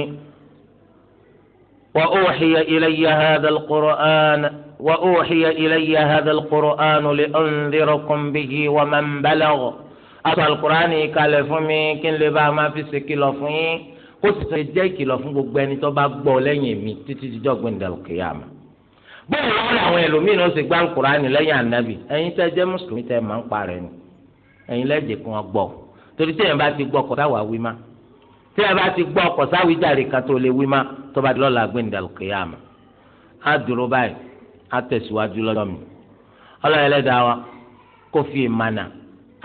wa uhiya ilayya hadha al-Qur'an wa uhiya ilayya hadha al-Qur'an li unzirakum bihi wa man balagha aṣọ al-Qur'an yìí kalẹ̀ fún mi kí n lè bá a máa fi ṣe kìlọ̀ fún yín kó sì tún jẹ́ ìkìlọ̀ fún gbogbo ẹni tó bá gbọ́ lẹ́yìn mi títí di ọjọ́ al bóyá wọn làwọn ẹlòmíín náà ṣe gbá al-Qur'an lẹ́yìn ànábì ẹ̀yin tẹ́ jẹ́ mùsùlùmí tẹ́ máa ń parẹ́ ni ẹ̀yin lẹ́jẹ̀ kí wọ́n gbọ́ torí téèyàn bá ti gbọ́ ọkọ̀ sáwà wí má téèyàn bá ti gbọ́ ọkọ̀ sáwì jàre kan tó lè wí má tó bá lọ́la gbẹ̀ndàlùkìyàmà á dúró báyìí á tẹ̀síwájú lọ́jọ́ mi ọlọ́run ẹlẹ́dàá wa kó fi ìmànà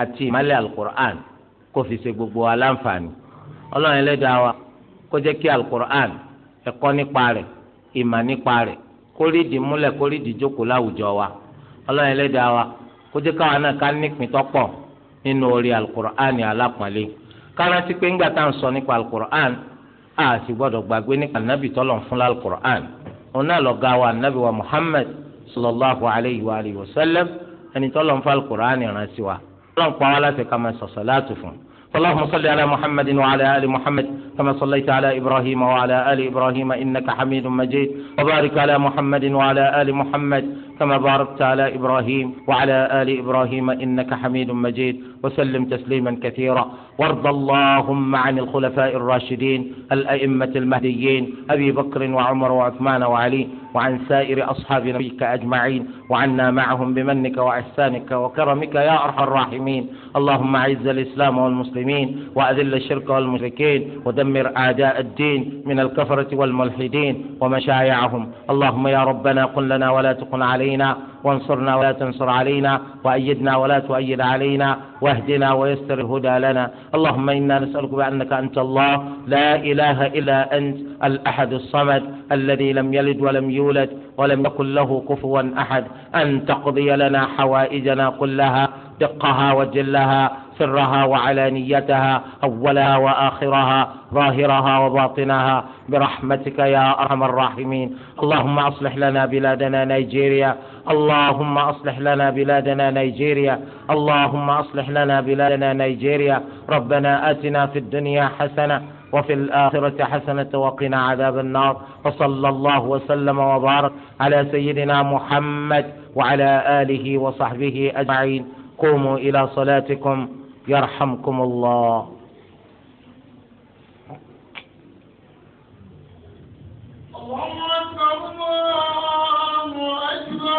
àti ìmàlẹ̀ alukur'an kó fi ṣe gbogbo wa láǹfààní ọlọ́run ẹlẹ́dàá wa kó jẹ́ kí alukur'an ẹ̀kọ́ nípa rẹ̀ ìmà nípa rẹ̀ kó rí ìdí múlẹ̀ kó rí ìdí jókòó láwùjọ wa ọlọ́run ẹlẹ́dàá wa kó jẹ́ káwa náà ká nípìn tọ́pọ̀ nínú orí alukur'ani alápọ̀nlé kárántí pé ńgbà tá à ń sọ nípa alukur'an a sì gbọ́dọ̀ gbàgbé nípa anabi tọ́lọ̀ ń fún alukur'an ọ̀nà lọ́gá wa anabi wa muhammad sallallahu alayhi wa alihi wa sallam ẹni tọ́lọ̀ ń fún alukur'an ìrántí wa tọ́lọ̀ pa wá láti ká sọ̀sọ̀ láti fún اللهم صل على محمد وعلى آل محمد كما صليت على إبراهيم وعلى آل إبراهيم إنك حميد مجيد وبارك على محمد وعلى آل محمد كما باركت على إبراهيم وعلى آل إبراهيم إنك حميد مجيد وسلم تسليما كثيرا وارض اللهم عن الخلفاء الراشدين الأئمة المهديين أبي بكر وعمر وعثمان وعلي وعن سائر أصحاب نبيك أجمعين وعنا معهم بمنك وإحسانك وكرمك يا أرحم الراحمين اللهم أعز الإسلام والمسلمين وأذل الشرك والمشركين ودمر أعداء الدين من الكفرة والملحدين ومشايعهم اللهم يا ربنا قل لنا ولا تقل علينا وانصرنا ولا تنصر علينا وأيدنا ولا تؤيد علينا واهدنا ويسر الهدى لنا اللهم إنا نسألك بأنك أنت الله لا إله إلا أنت الأحد الصمد الذي لم يلد ولم يولد ولم يكن له كفوا أحد أن تقضي لنا حوائجنا كلها دقها وجلها سرها وعلانيتها اولها واخرها ظاهرها وباطنها برحمتك يا ارحم الراحمين اللهم اصلح لنا بلادنا نيجيريا اللهم أصلح لنا بلادنا نيجيريا اللهم أصلح لنا بلادنا نيجيريا ربنا آتنا في الدنيا حسنة وفي الآخرة حسنة وقنا عذاب النار وصلى الله وسلم وبارك على سيدنا محمد وعلى آله وصحبه أجمعين قوموا إلى صلاتكم يرحمكم الله